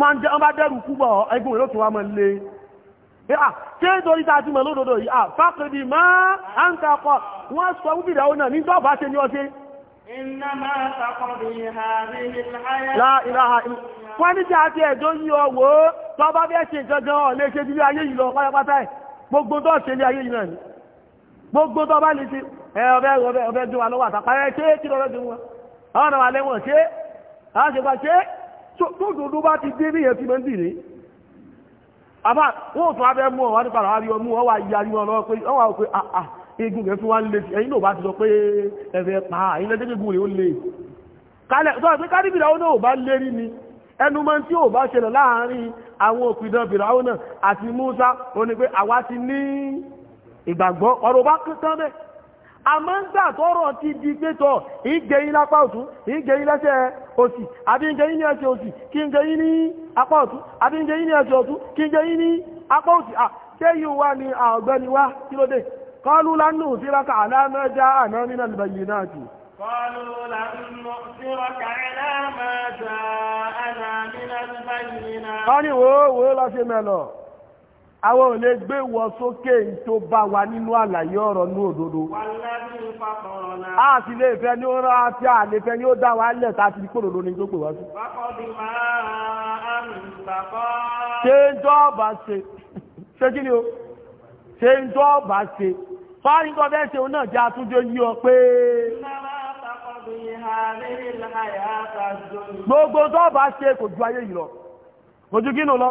wọ́n bá dẹ́rù kúbọ̀ ẹgbùn ìlótò wa mọ́ lé ah, ṣe ń torí tàbí mọ̀ lódòdó yìí àfákìdì máa ń takọ̀ wọ́n sọ wúbìdà ó náà ní tọ́ọ̀bá ṣe ní ọdí wọ́n ní tí a ti ẹ̀dọ́ yí ọwọ́ tọ́bá bẹ́ẹ̀ ṣe gangan ọ̀lẹ́ ṣe dílé ayé yìí lọ pátápátá ẹ̀ gbogbo tó ṣe lé ayé yìí náà ni gbogbo tó bá ní ti ọbẹ̀ ọbẹ̀ dùn wà lọ́wọ́ àtàpá ẹ̀ ṣe kí lọ́rọ̀ dùn wọn àwọn ọ̀nà wà lẹ́wọ̀n ṣe tó dòdó bá ti dé níyẹn ti mẹ́ndì ní àbá wọ́n tún abẹ́ mú ọ̀wá nípa àárí ọmú wọ́n wà yarí wọn lọ pé wọ́n wà pé àà ah, ah, egun rẹ̀ tún wá ń lè ẹ̀yìn náà bá ti sọ pé ẹ̀fẹ̀ pa àyín lẹ́dẹ́ egun rẹ̀ ó lè kalẹ̀ tó àti kárí bìràwọ́ náà ò bá lérí ni ẹnu máa tí ò bá ṣẹlẹ̀ láàárín àwọn òpìdán bìràwọ́ náà àti Musa ó ní pé àwa ti ní ìgbàgbọ́ ọ̀rọ̀ bá tán bẹ́ẹ̀ àmọ́ ń gbà tọ́rọ̀ ti di pé tọ̀ ìgẹ̀yìn lápá òtún ìgẹ̀yìn lẹ́sẹ̀ òsì àbí ń jẹ yí ní ẹsẹ̀ òsì kí ń jẹ yí ní apá ọ̀tún àbí ń jẹ yí ní ẹsẹ̀ ọ̀tún kí ń jẹ yí ní apá òsì à ṣé yìí wá ní ọ̀gbẹ́ni wá kí ló dé kọlu lánàá òsìrákà aláàmẹ́já àná nínú àlùbẹ̀yìn náà jù قالوا لن نؤثرك على ما جاءنا من البينات قالوا ولا àwọn ò lè gbé wọ sókè tó bá wa nínú àlàyé ọ̀rọ̀ ní òdodo. a sì lè fẹ́ ní ó àti àlè fẹ́ ní wa lẹ̀ tá a ti di kòròdó ní tó pè sí. ṣé ń tọ́ ọ̀bà ṣe ṣé kí ni o ṣé ń tọ́ ọ̀bà ṣe fáyín tó fẹ́ ṣe òun náà jẹ́ àtúndé yí ọ pé. gbogbo tó bá ṣe kò ayé yìí lọ ju lọ.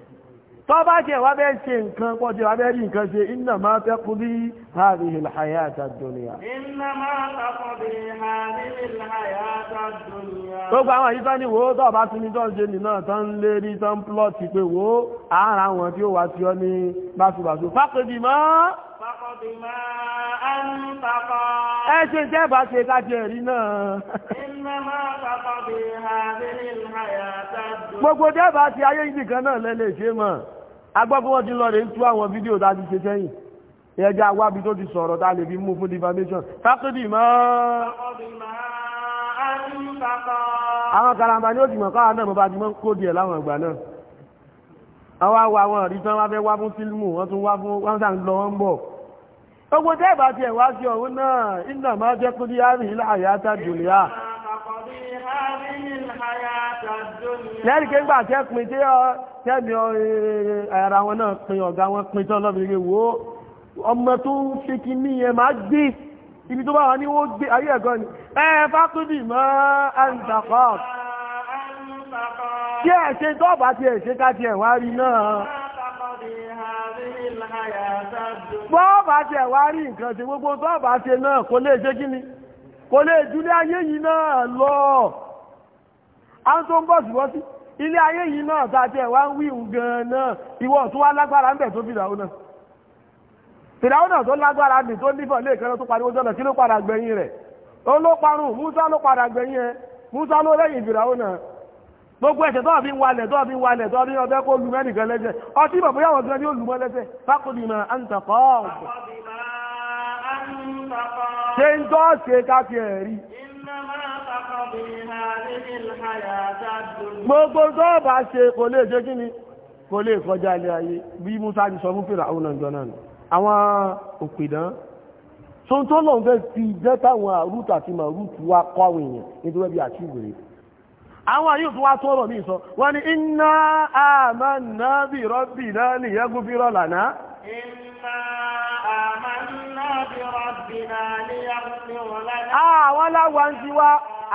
tó bá jẹ́ wá bẹ́ ṣe nǹkan pọ̀ jẹ́ wá bẹ́ rí nǹkan ṣe iná máa fẹ́ kú bí hadhihi al-hayata ad-dunya. iná máa fẹ́kù bí hadhihi al-hayata ad-dunya. gbogbo àwọn yìí tán ní wo tó bá ti ní tó ń ṣe nìna tán lé ní tán plọ́ọ̀tì pé wo ara wọn tí ó wá tí ọ ní báṣubàṣu gbogbo dẹ́bàá ti ayé ìdìkan náà lẹ́lẹ́ ṣe agbọ́gbọ́n ti lọ rẹ̀ ń tú àwọn fídíò tá a ti ṣe sẹ́yìn ẹjá wábi tó ti sọ̀rọ̀ tá a lè fi mú fún defamation tákìdì mọ́ àwọn karamba ni ó ti mọ̀ káwọn náà mo bá ti mọ́ kó díẹ̀ láwọn ìgbà náà àwọn awọ àwọn ọ̀rí tán wá fẹ́ wá fún sílmù wọ́n tún wá fún wọ́n sàn lọ wọ́n bọ̀ ogun tẹ́ẹ̀bà tiẹ̀ wá sí ọ̀hún náà ìdàmọ́ jẹ́ kúdíárì láàyè átàjùlíà lẹ́rìí kéńgbà tẹ́ pin tí ọ tẹ́bi ara wọn náà pin ọ̀gá wọn pin tán lọ́bìnrin wo ọmọ tó ń fi kí ní ẹ máa gbé ibi tó bá wọn ní wó gbé ayé ẹ̀gọ́ ni ẹ fákúndì mọ́ àǹtàkọ́ tí ẹ̀ ṣe tọ́ọ̀bà tí ẹ̀ ṣe ká ni kò lè ju ilé ayé yìí náà lọ a ń tó ń bọ̀sibọ́sí ilé ayé yìí náà tàbí ẹ̀wà ń wí náà ìwọ tó wá lágbára ń bẹ̀ tó fìdáwó náà fìdáwó náà tó lágbára nì tó nífọ̀ lè kẹ́rọ tó pariwo jọ́nà kí ló padà gbẹ̀yìn rẹ̀ ó ló ló padà ẹ Musa ló lẹ́yìn gbogbo tó tó tó kó lẹ́sẹ̀ ọtí ó ṣe ń tọ́ ṣe káfí ẹ̀rí. gbogbo tó bá ṣe kò lè ṣe kí ni kò lè kọjá ilé ayé bí Musa ti sọ fún fèrè àwọn ọ̀nà ìjọna nù àwọn òpìdán tó tó lọ́n fẹ́ fi jẹ́ táwọn àrùtù àti màrùtù wa kọ́ àwọn èèyàn nítorí bí àti ìwèrè àwọn yóò tún wá tọ́rọ̀ mí sọ wọ́n ni inna amanna bi rabbina liyagfira lana àwọn aláwa ah, ń tiwa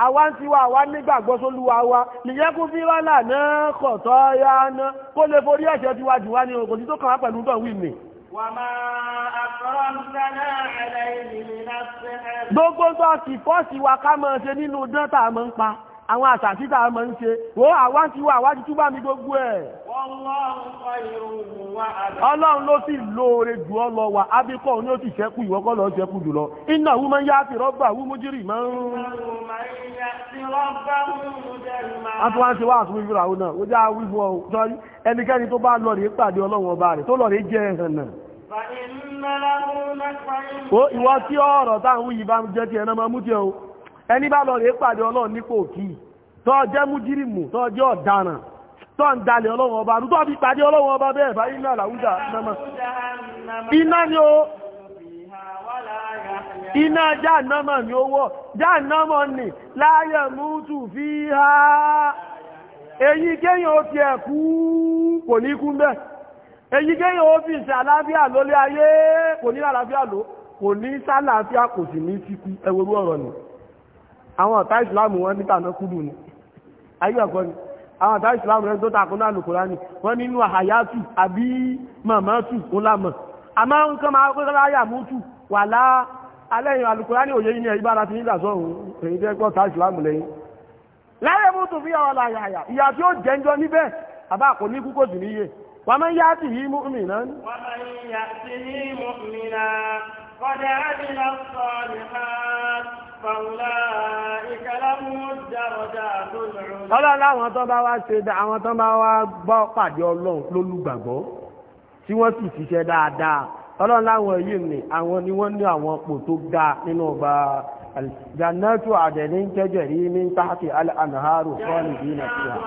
àwa ń tiwa àwa nígbàgbọ́ sólúwa wa nìyẹn kún fi wálà náà kọ̀tọ́ ya náà kó lè forí ẹ̀ṣẹ̀ tiwa jù wá ní òkò tí tó kàn wá pẹ̀lú tọ̀ wí mi. gbogbo máa ṣe ń pa àwọn àṣàṣítà ọmọ ń ṣe wó àwá ti wá àwá ti túbà mi gbogbo ẹ̀ ọlọ́run ló sì lóore jù ọ lọ wà ábíkọ́ ní ó sì ṣẹ́kù ìwọ́kọ́ lọ ṣẹ́kù jù lọ iná wú máa ń yá sí rọ́bà wú mújírì máa ń àti wá ń ṣe wá àtúnwí fúra ó náà ó já wí fún ọ sọrí ẹnikẹ́ni tó bá lọ rèé pàdé ọlọ́run ọba rẹ̀ tó lọ rèé jẹ́ ẹ̀hàn náà ó ìwọ tí ọ̀rọ̀ táwọn yìí bá jẹ́ ti ẹ̀nà máa mú tiẹ̀ o ẹni bá lọ rèé pàdé ọlọ́run nípò òkì tó jẹ́ mújírìmù tó jẹ́ ọ̀daràn tó ń dalẹ̀ ọlọ́run ọba tó fi pàdé ọlọ́run ọba bẹ́ẹ̀ bá iná làwújà náà iná ni ó iná jáànámà ni ó ni láyé mútù fi ha èyí kéyàn ó fi ẹ̀kú kò ní kú bẹ́ èyí kéyàn ó fi ìṣẹ́ àlàáfíà lólé ayé kò ní àlàáfíà ló kò ní sálàáfíà kò sì ní síkú ẹwọ́rú ọ̀rọ̀ nìí àwọn ọ̀tá ìsìláàmù wọn níta náà kúrò ní ayé ọ̀kọ́ ni àwọn ọ̀tá ìsìláàmù rẹ̀ tó takùn náà lòkòrá ni wọ́n nínú àyátù àbí mọ̀mọ́tù ó lámọ̀ àmọ́ ń kọ́ máa kọ́kọ́ láyà mútù wà lá alẹ́yìn alùkòrá ní òye ní ìbára ti nígbà sọ́run èyí tẹ́ gbọ́ ta ìsìláàmù lẹ́yìn láyé mútù fi ọ̀rọ̀ làyàyà ìyà tí ó jẹ́njọ níbẹ̀ àbá ní máa Ọlọ́run láwọn tó bá wá ṣe àwọn tó bá wá gbọ́ pàdé Ọlọ́run lólùgbàgbọ́ tí wọ́n sì ṣiṣẹ́ dáadáa. Ọlọ́run láwọn yìí ni àwọn ni wọ́n ní àwọn pò tó ga nínú ọgbà Jannatu àdẹ̀ní jẹ́jẹ̀rí ní tàbí al-anharu kọ́lì bí nàìjíríà.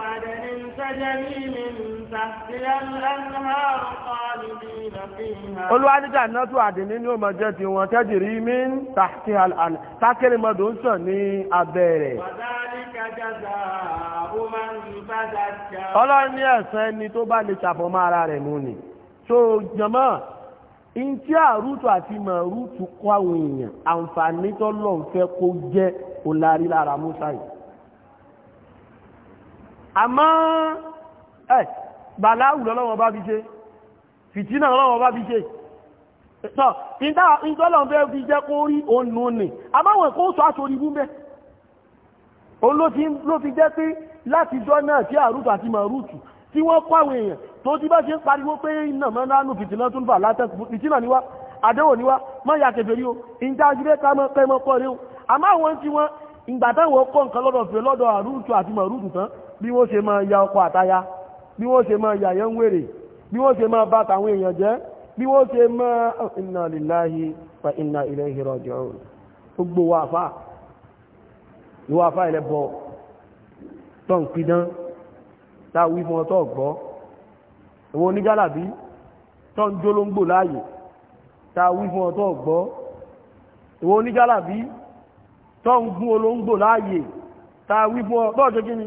تجري من تحتها الأنهار خالدين فيها Olúwa ní jannatu àdìní ni ó máa jẹ́ ti wọn تجري من تحتها الأنهار tákìrì mọ́dọ̀ ń sàn ní abẹ́ rẹ̀. وذلك جزاء من تزكى. Ọlọ́run ní ẹ̀san ẹni tó bá lè ṣàfọ̀mọ́ ara rẹ̀ mú ni. so jọmọ́ ntí àrùtù àti màrùtù kọ́ àwọn èèyàn àǹfààní tó lọ́n fẹ́ kó jẹ́ òlárí lára Musa yìí àmọ́ ẹ̀ bàláwù lọ́lọ́wọ́ bá fi ṣe fìtínà lọ́lọ́wọ́ bá fi ṣe tọ́ ìtọ́lọ̀fẹ́ fi jẹ́ kó rí ònú nì àmáwọn kó sọ aṣòrí gúnbẹ́ òun ló fi jẹ́ pé láti jọ náà tí àrùtù àti màrùtù tí wọ́n kọ́ àwọn èèyàn tó ti bá ṣe ń pariwo pé iná mẹ́ránù fìtínà tún bà látẹ́sìtínà níwá àdẹ́wò níwá mọ́ bí wọ́n ṣe máa ya ọkọ àtaya bí wọ́n ṣe máa yàyẹ́ ń wèrè bí wọ́n ṣe máa bá tàwọn èèyàn jẹ́ bí wọ́n ṣe máa ah, inna lillahi wa inna ilayhi raji'un gbogbo wa àfà ìwà àfà ilẹ̀ bọ̀ tọ́ ń pidán táwí fún ọtọ́ ọ̀gbọ́ ìwọ onígálàbí tọ́ ń jólóńgbò láàyè gún olóńgbò láàyè táwí fún ọtọ́ ọ̀jọ́ kíni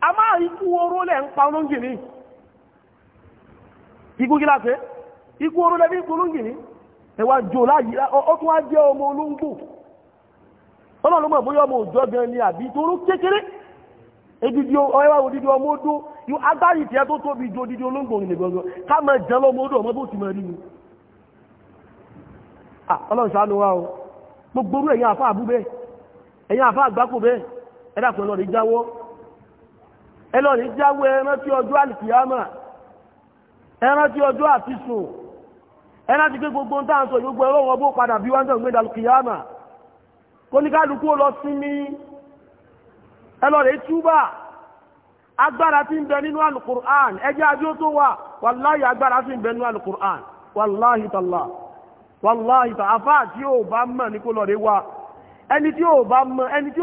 a máa ikú oró lẹ̀ ń pa olóńgì ní ikú kí láti ikú oró lẹ́ bí ikú olóńgì ní ẹwà jò láyé ó tún wá jẹ́ ọmọ olóńgbò ọlọ́lọ́mọ̀ bóyá ọmọ òjò gan ni àbí toró kékeré edidi ọ̀ẹ́wà òdidi ọmọ odó yóò agbárí ìtẹ́ tó tóbi ju odidi olóńgbò nìgbọ̀n ká máa jẹ́ lọ́mọ odó ọmọ bó ti máa rí ni ọlọ́run ṣàánú wa o gbogbo orú ẹ̀yìn àfá àbú ẹ̀yìn àfá àgbákò bẹ́ẹ̀ ẹ̀dàkùn ẹlọ́rin jáwọ́ ẹlọ́ni jáwé ẹrántí ọjọ́ àlìkìyàmà ẹrántí ọjọ́ àtisùn ẹrántí pé gbogbo tàà ń sọ ìgbogbo ẹ̀rọ wọn bó padà bí wọ́n gbé ní kálukú lọ ẹlọ́ni túbà agbára tí ń bẹ nínú alukur'an ẹjẹ́ ajó tó wà wàláhì agbára tí ń bẹ nínú alukur'an wàláhì wàláhì afá tí ó bá mọ̀ ní kó lọ ẹni tí ó bá mọ̀ ẹni tí ó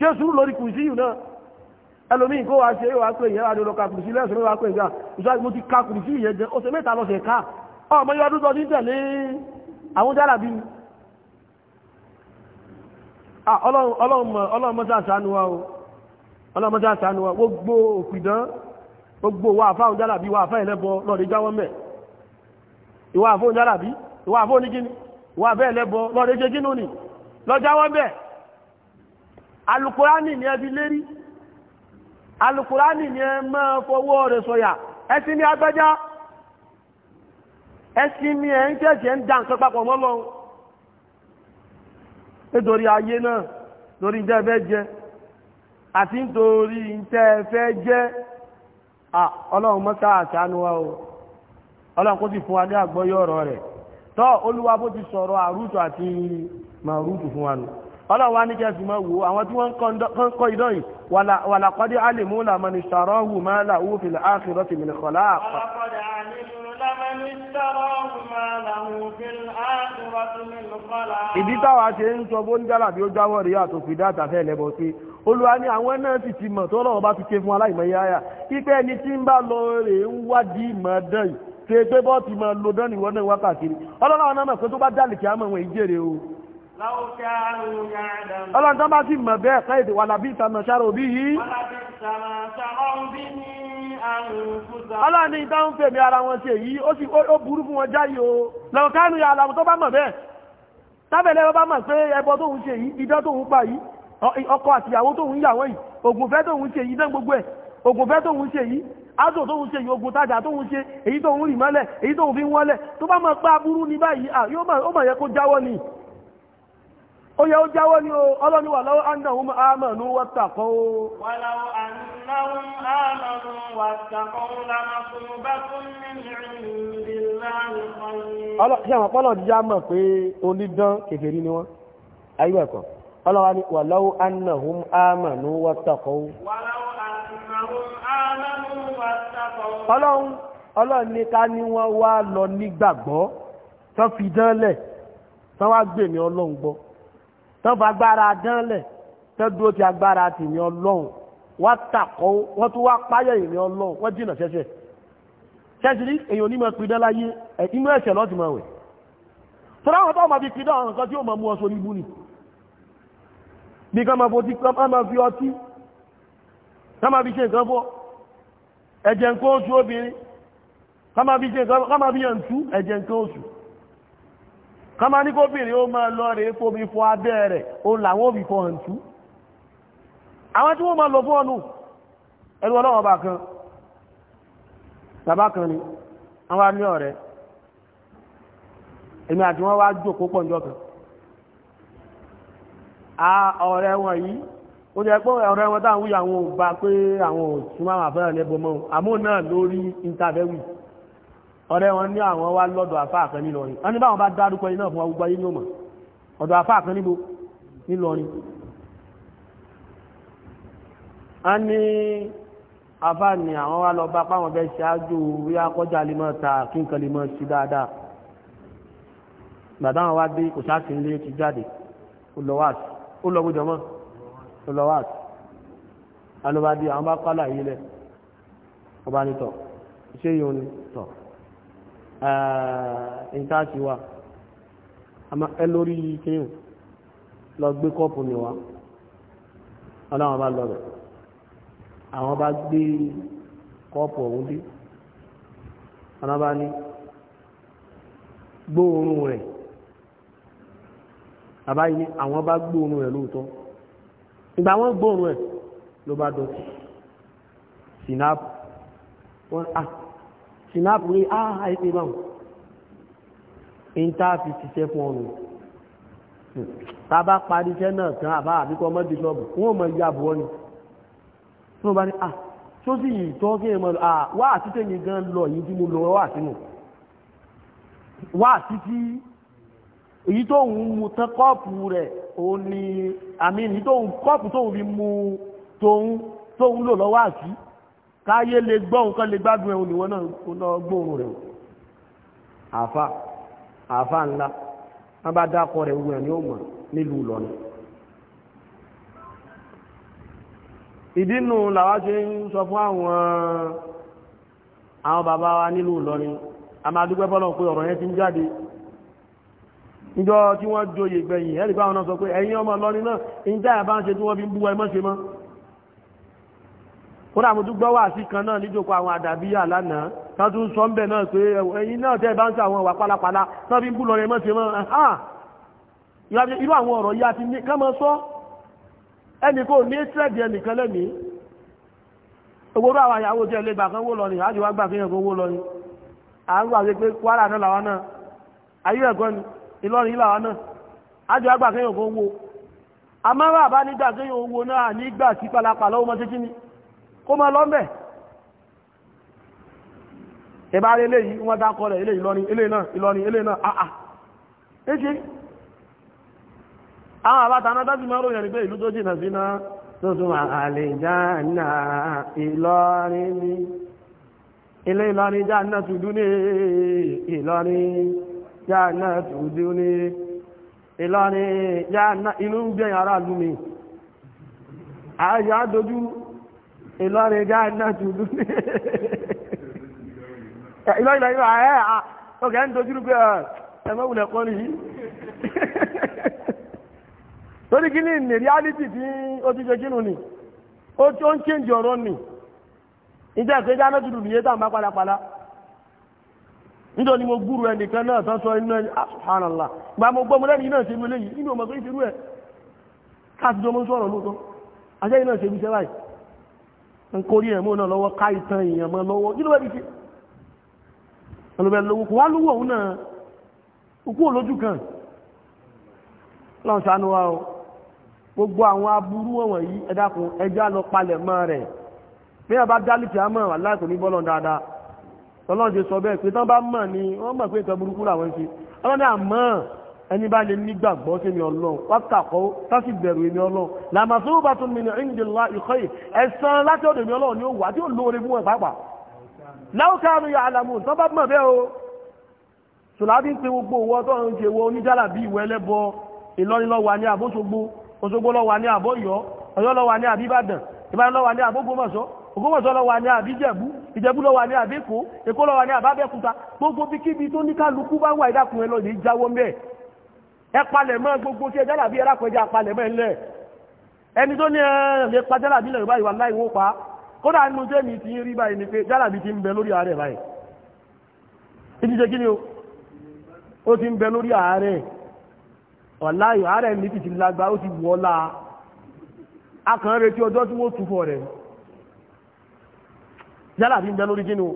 ṣé sùúrù lórí kùsí yìí náà ẹlòmí kó wá ṣe wá pé ìyẹn àdúrà ka kùsí lẹ́sùn wá pé ìgbà ìṣáà mo ti ka kùsí yẹn jẹ ọ̀sẹ̀ mẹ́ta lọ́sẹ̀ ká ọmọ yóò dúdọ ní tẹ̀lé àwọn jára bí ọlọ́run mọ́sá àṣánú wa gbogbo òpìdán gbogbo wà fáwọn jára bí wà fá ẹlẹ́bọ lọ́rẹ̀ jáwọ́ mẹ́ ìwà àfóhùn jára bí ìwà àfóhùn ní kíní lọ́jáwọ́ bẹ́ẹ̀ alukurani ni ẹbí lérí alukurani ni ẹ máa fọwọ́ rẹ̀ sọ̀yà ẹsìn ní agbájá ẹsìn ní ẹ ń kẹ́ẹ̀kẹ́ ń dà nǹkan papọ̀ mọ́ Ọlọ́run nítorí ayé náà torí ń fẹ́ àti nítorí tẹ́ fẹ́ ọlọ́run mọ́ta wa o ọlọ́run kó sì fún wa ní àgbọ́yọ̀ ọ̀rọ̀ rẹ̀ tọ́ olúwa bó ti sọ̀rọ̀ àrùtù àti màrùtù fún wa nù ọlọ́wà ní kẹsì mọ́ wo àwọn tí wọ́n ń kọ́ idán yìí wàlàkọ́dé alìmú làmọ́ni sàrọ́hù máa làwú fìlà áàkìrọ́ ti mìlẹ̀ kọ̀lá àpá ìdí táwa ṣe ń sọ bó ń jálà bí ó jáwọ́ rí àtòkìdá àtàfẹ́ ẹ̀lẹ́bọ̀ sí olúwa ní àwọn náà sì ti mọ̀ tọ́lọ́wọ́ bá ti ké fún aláìmọ̀yá pípẹ́ ẹni tí ń bá lọ rè ń wádìí mọ̀ dán yìí ṣe pé bọ́ọ̀tì mọ̀ lọ́dán ìwọ́n náà wákàkiri ọlọ́lọ́wọ́ náà mọ̀ pé tó bá dálìkì àmọ̀ wọn ìjèrè o ọlọ́run tó bá sì mọ̀ bẹ́ẹ̀ ká èdè wà lábí ìtàmà ṣàrò bí yìí ọlọ́run ní ìdáhùn fèmí ara wọn tí èyí ó sì ó burú fún wọn jáyìí o lọ́wọ́ káànù ya aláwọ̀ tó bá mọ̀ bẹ́ẹ̀ tábẹ̀lẹ́ ọba mọ̀ pé ẹbọ tóun ṣe yìí idán tóun pa yìí ọkọ àtìyàwó tóun yàwó yìí ògùnfẹ́ tóun ṣe yìí náà gbogbo ẹ̀ ògùnfẹ́ tóun ṣe yìí ádò tóun ṣe ìyogun tájà tóun ṣe èyí tóun rì mọ́lẹ̀ èyí tóun fi wọ́lẹ̀ tó bá mọ̀ pé aburú ní báyìí ó mọ̀ yẹ kó jáwọ́ ni ó yẹ ó jáwọ́ ní ọlọ́ni wà láwọ́ annahum amanu wattaqaw wàláwọ́ annahum amanu wattaqaw lamasubatun min indillahi khayr. ṣé àwọn ọpọlọ díjá mọ̀ pé onídán kèfèrí ni ọlọ́run ní ká ní wọ́n wá lọ nígbàgbọ́ tán fi dán tán wá gbèmí ọlọ́run gbọ́ tán fa agbára dánlẹ̀ tán dúró ti agbára tèmi ọlọ́run wọ́n tàkọ́ wọ́n tún wá páyẹ̀ èmi ọlọ́run wọ́n jìnà ṣẹ́ṣẹ́ ṣẹ́ṣẹ́ ní èyàn onímọ̀ pidán láyé inú ẹ̀ṣẹ̀ lọ́ti mọ̀ wẹ̀ tọ́lá wọn tó máa fi pidán àwọn nǹkan tí ó máa mú ọsọ níbú ni bí kan máa fi ọtí kan máa kan máa ní kóbìnrin ó máa lọ rèé fómi fọ abẹ́ rẹ̀ òun làwọn òbí fọ hàn tú àwọn tí wọ́n máa lọ fún ọnù ẹlú ọlọ́wọ́ bá kan bàbá kan ni àwọn ní ọ̀rẹ́ èmi àti wọ́n wá jókòó pọ̀ kan a ọ̀rẹ́ wọn yìí ó jẹ́ pé ọ̀rẹ́ wọn táwọn wúyà wọn ò bá pé àwọn òṣùmọ́ àwọn lẹ́bọ̀ mọ́ ọ̀rẹ́ wọn ní àwọn wá lọ́dọ̀ àfáà kan nílọrin wọ́n ní báwọn bá dárúkọ iná fún ọgbọ́ yìí ní òmà ọ̀dọ̀ àfáà kan níbo nílọrin a ní àfáà ní àwọn wá lọ bá páwọn bẹ́ ṣáájú orí akọ́jà lè mọ́ ta kí nǹkan sí dáadáa bàbá yóò ní tọ̀ ìtaàtì eh, wa àmà ẹ lórí kíyàn lọ gbé kọ́pù ní wa ọlọ́wọ́n bá lọ rẹ̀ àwọn bá gbé kọ́pù ọ̀hún dé ọ̀nà bá ní gbóòórùn rẹ̀ àbáyé ní àwọn bá gbóòórùn rẹ̀ lóòótọ́ ìgbà wọ́n gbóòórùn rẹ̀ ló bá dọ̀tí sinapu wọ́n ah sinapu ní àà ìpé ah, bá ń ta fi ṣiṣẹ́ fún ọrùn ta bá parí iṣẹ́ náà tán àbá àbíkọ mọ́ bíṣọ́bù wọ́n mọ̀ ya bọ́ ni tó bá ní à ah, tó sì yìí tọ́ kí ẹmọ à ah, wá àti tèmi gan lọ yìí tí mo lọ wá sínú wá àti tí èyí tó ń mu tán kọ́ọ̀pù rẹ̀ ó ní àmì èyí tó ń kọ́ọ̀pù tó ń fi mu tóun tóun lò lọ́wọ́ àti káyé lè gbọ́ nǹkan lè gbádùn ẹ̀ olùwọ́n náà lọ gbóòrùn rẹ̀ àfà àfà ńlá wọ́n bá dákọ̀ rẹ̀ wúrẹ̀ ní òmà nílùú Ìlọrin ìdínú làwa ṣe ń sọ fún àwọn àwọn bàbá wa nílùú Ìlọrin a máa dúpẹ́ bọ́lọ̀ pé ọ̀rọ̀ yẹn ti ń jáde níjọ́ tí wọ́n joyè gbẹ̀yìn ẹ̀rí báwọn náà sọ pé ẹ̀yin ọmọ Ìlọrin náà ìjà àbá ń ṣe tí wọ́n fi ń bú ẹ kódà mo tún gbọ́ wà sí kan náà níjókòó àwọn àdàbíyà lánàá tán tún sọ ń bẹ̀ náà pé ẹ̀yin náà tẹ́ bá ń sàwọn wà pálapàla tán fi ń bú lọ rẹ̀ mọ́sí mọ́ irú àwọn ọ̀rọ̀ yá ti ní kọ́mọ sọ ẹnìkó ní tẹ́ẹ̀dì ẹnìkan lẹ́mí owóró àwọn àyàwó tí ẹlẹ́gbà kan wó lọ ní àjò wá gbà kéèyàn kan wó lọ ní à ń gbà ni kó mọ́ lọ́mẹ́ ìbára eléyìí wọ́n dákọ́ rẹ̀ eléyìí lọ́rin ìlọrin eléyìí náà àà éṣe àwọn àbáta náà dájú máa ròyìn pé ìlú tó na sí náà tó tún àlèjáàna ìlọrin ilé ìlọrin Ìlọrin gáàdínà tùdú ní Ìlọrin ìlọrin ààrẹ à a ń dojú pé ẹmọ́wùlẹ̀ kọ́ nìyí torí kí ní ní reality tí ó ti ṣe kínú ni ó tí ó ń change ọ̀rọ̀ ni ìjẹ́ ìpé dáná tùdú nìyé tàn bá padàpadà nítorí mo gbúrú ẹnìkan náà tán sọ inú ẹni ah, gba mo gbọ́ mo lẹ́nu iná ṣe ọmọ pé ìṣerú lóòótọ́ ń kórí ẹ̀mọ́ náà lọ́wọ́ ká ìtàn èèyàn mọ́ lọ́wọ́ kí ló bẹ́ẹ̀ fi ṣe ọlọ́bẹ̀ lówó kò wá lówó òun náà òkú olójú kan lọ́n o gbogbo àwọn aburú wọ̀n yìí ẹ dákun ẹjá lọ palẹ̀ mọ́ rẹ̀ bí wọ́n bá dálìkì á mọ̀ aláì kò ní bọ́lọ̀ dáadáa ọlọ́run ti sọ bẹ́ẹ̀ pé tán ẹni bá lè nígbàgbọ́ sí mi ọlọ́run wákàkọ́ tásì bẹ̀rù èmi ọlọ́run làmàṣó bá tún mi ní ìdìlá ìkọ́ yìí ẹ̀sán láti ọ̀dọ̀ mi ọlọ́run ni ó wà tí ó lóore fún wọn pàápàá láwùkánu yà àlàmù tó bá mọ̀ bẹ́ẹ̀ o sùlábí ń pe gbogbo owó tó ń ṣe wọ oníjàlá bí ìwẹ́ lẹ́bọ Ìlọrin ló wà ní àbóṣogbo Òṣogbo ló wà ní àbóyọ Ọ̀yọ́ ló wà ní àbíbàdàn Ìbàdàn ló wà ní àbógbómọ̀ṣọ́ Ògbómọ̀ṣọ́ ló wà ní àbíjẹ̀bú Ìjẹ̀bú ló wà ní àbẹ́kọ̀ọ́ Èkó ló wà ní àbábẹ́kúta gbogbo bíkíbi tó ní kálukú bá wà ìdákùnrin lọ lè jáwọ́ mẹ́ẹ̀ ẹ palẹ̀ mọ́ gbogbo tí ẹ jálàbí ẹ̀rá kọjá palẹ̀ mọ́ ẹ̀lẹ́ ẹni tó ní ẹ̀rẹ̀ lè pa jálàbí lẹ̀ báyìí wà láì wó pa kódà nínú tẹ́ mi ti rí báyìí ni pé jálàbí ti ń bẹ lórí ààrẹ báyìí ìdí ṣe kí ni ó ti ń bẹ lórí ààrẹ ọ̀láì ààrẹ ní ti ti lágbá ó ti wọ́lá akàn retí ọjọ́ tí wọ́n túfọ̀ rẹ̀ jálàbí ń bẹ lórí kí ni ó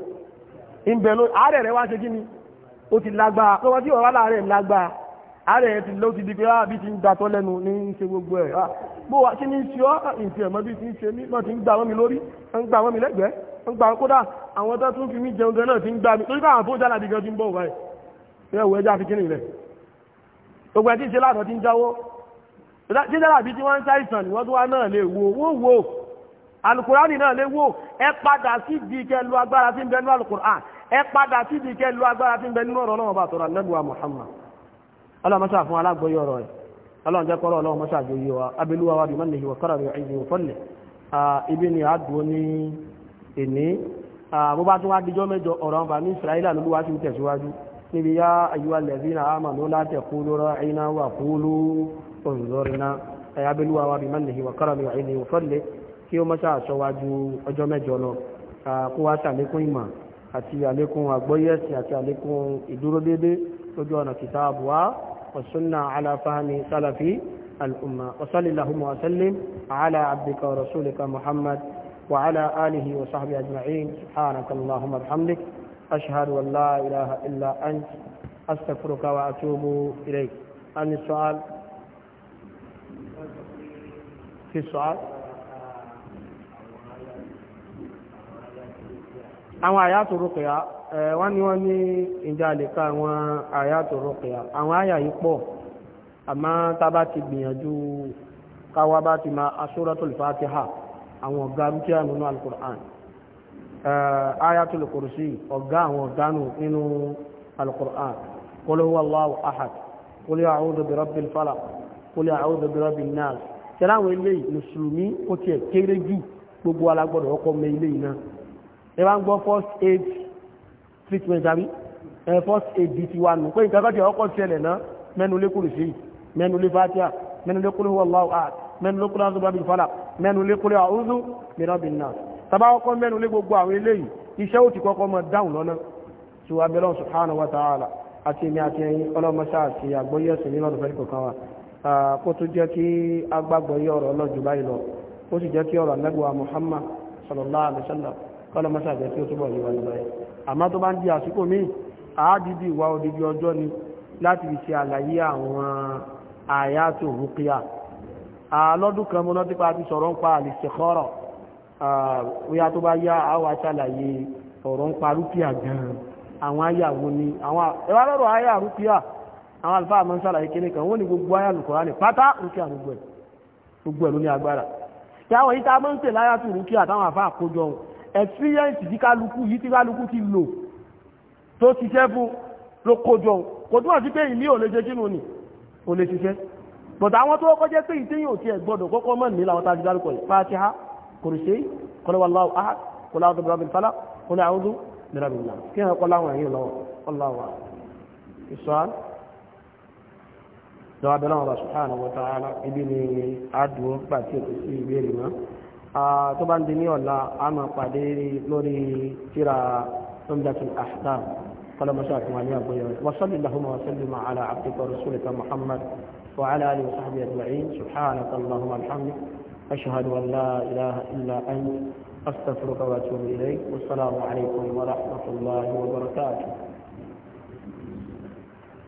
ń bẹ lórí ààrẹ rẹ̀ wá ṣe kí ni ó ti lágbá ààrẹ ti ló ti di pé àbí ah, ti ń gba tọ́ lẹ́nu ní ṣe gbogbo ẹ̀ ah, bó wa kí ni ṣe ọ́ ìfẹ́ ah, ẹ̀mọ́ bí ti ń ṣe mí náà ti ń gbà wọ́n mi lórí ń gbà wọ́n mi lẹ́gbẹ̀ẹ́ ń gbà wọ́n kódà àwọn tó tún fi mí jẹun gan náà ti ń gbà mí torí káwọn tó jà láti gan ti ń bọ̀ wáyé ẹ wọ ẹja fi kí nìyẹn gbogbo ẹ ti ṣe látọ̀ ti ń jáwọ́ ṣíṣẹ́ làbí tí wọ́n ń ṣàìsàn ni wọ́n tó wá náà lè wo wó wo alukurani náà lè wo ẹ padà sí di kẹ lu agbára tí ń bẹ nínú alukurani ẹ padà sí di kẹ lu agbára tí ń bẹ nínú ọ̀rọ̀ náà bàtọ̀rọ̀ anábùwà Muhammad ọlọ́mọṣà fún alágbóyọ̀ ọ̀rọ̀ rẹ̀ ọlọ́run jẹ́ kọ́rọ̀ ọlọ́run mọ́ṣà jẹ́ yíò wa abẹ́lúwa wa bí mọ́ nìyí wọ̀kọ́rọ̀ rẹ̀ ìdí òfọ́lẹ̀ ibi ni a dùn ní èní bó bá tún wá díjọ́ mẹ́jọ ọ̀rọ̀ ọba ní israẹla ló wá sí tẹ̀síwájú níbi yá ayúwa lẹ́bí na àmà ló láti ẹ̀kú lọ́rọ̀ iná wà kúlú òǹzọ́rìnà abẹ́lúwa ọ̀nà kìtàbù wa والسنة على فهم سلف الأمة وصل اللهم وسلم على عبدك ورسولك محمد وعلى آله وصحبه أجمعين سبحانك اللهم وبحمدك أشهد أن لا إله إلا أنت أستغفرك وأتوب إليك عن السؤال في السؤال àwọn àyàtò rúkìá wọ́n ní wọ́n ní ìjà lè ka àwọn àyàtò rúkìá àwọn àyà yìí pọ̀ àmọ́ tá ti gbìyànjú káwa bá ti ma asúratul fatiha àwọn ọ̀gá rúkìá nínú alukur'an ayatul ọ̀gá àwọn alukur'an ahad gbogbo ọkọ̀ mẹ́ ilé ẹ bá ń gbọ́ first aid treatment àbí ẹ first aid di ti wà nù pé nǹkan kọ́tì ọkọ̀ ṣẹlẹ̀ náà mẹ́nu lé kùrù sí mẹ́nu lé fatia mẹ́nu lé kúlù wallahu ahad mẹ́nu lé kúlù àwọn ọ̀dọ́ ìfọ́lá mẹ́nu lé kúlù a'udhu bi rabbin nas tàbá ọkọ̀ mẹ́nu lé gbogbo àwọn eléyìí iṣẹ́ ó ti kọ́kọ́ mọ dáhùn lọ́nà tí wà bẹ́lọ́ subhanahu wa ta'ala àti èmi àti ẹ̀yin ọlọ́mọ sáàsì àgbọ́yé ẹ̀sìn nínú ọ̀dọ̀ fẹ́ríkò kan wa kó tó jẹ́ kí agbágbọ́yé ọ̀rọ̀ ọlọ́jù báyìí lọ ó sì jẹ́ kí ọ̀rọ̀ anẹ́gbẹ̀wà Muhammad sallallahu alaihi wasallam kọ́lọ̀ mọ́sàgbẹ́ tí ó túbọ̀ yíwa ní báyìí àmá tó bá ń di àsìkò míì àádìdì ìwà odidi ọjọ́ ni láti fi ṣe àlàyé àwọn àyàtò rúkìá lọ́dún kan mo lọ́dún pa ti sọ̀rọ̀ ń pa àlìṣẹ̀kọ́rọ̀ bóyá tó bá yá àwọn aṣàlàyé ọ̀rọ̀ ń pa rúkìá gan-an àwọn ayàwó ni àwọn ẹ̀wá lọ́rọ̀ ayà rúkìá àwọn àlùfáà máa ń ṣàlàyé kíní kan wọ́n ní gbogbo ayà lùkọ́rá ní pátá rúkìá gbogbo ẹ̀ ló ní experience tí kálukú yìí tí kálukú ti lò tó ṣiṣẹ́ fún ló kójọ kò túnmọ̀ sí pé ìní ò lè ṣe kínú ni ò lè ṣiṣẹ́ but àwọn tó kọ́ jẹ́ pé ìtẹ́yìn òtí ẹ̀ gbọ́dọ̀ kọ́kọ́ mọ̀ ní làwọn tàbí dárúkọ yìí Fatiha Kursi qul huwallahu ahad qul a'udhu birabbil falaq qul a'udhu birabbin nas kí ẹ̀ kọ́ láwọn ẹ̀yìn lọ́wọ́ ọláwà ìṣọ́án lọ́wọ́ abẹ́lẹ́wọ̀n subhanahu wa ta'ala ibi ni adùn pàtí òkú sí ìbéèrè mọ́ tó bá ń di ní ọ̀la a máa pàdé lórí tíra umdatul ahkam kọlọmọṣẹ́ àti wàlẹ́ àgbóyọ̀ wasalli lahumma wasalli ma ala abdika rasulika muhammad wa ala alihi wa sahbihi ajma'in subhanaka allahumma alhamdulilah ashhadu an la ilaha illa anta astaghfiruka wa atubu ilayk wassalamu alaykum wa rahmatullahi wa barakatuh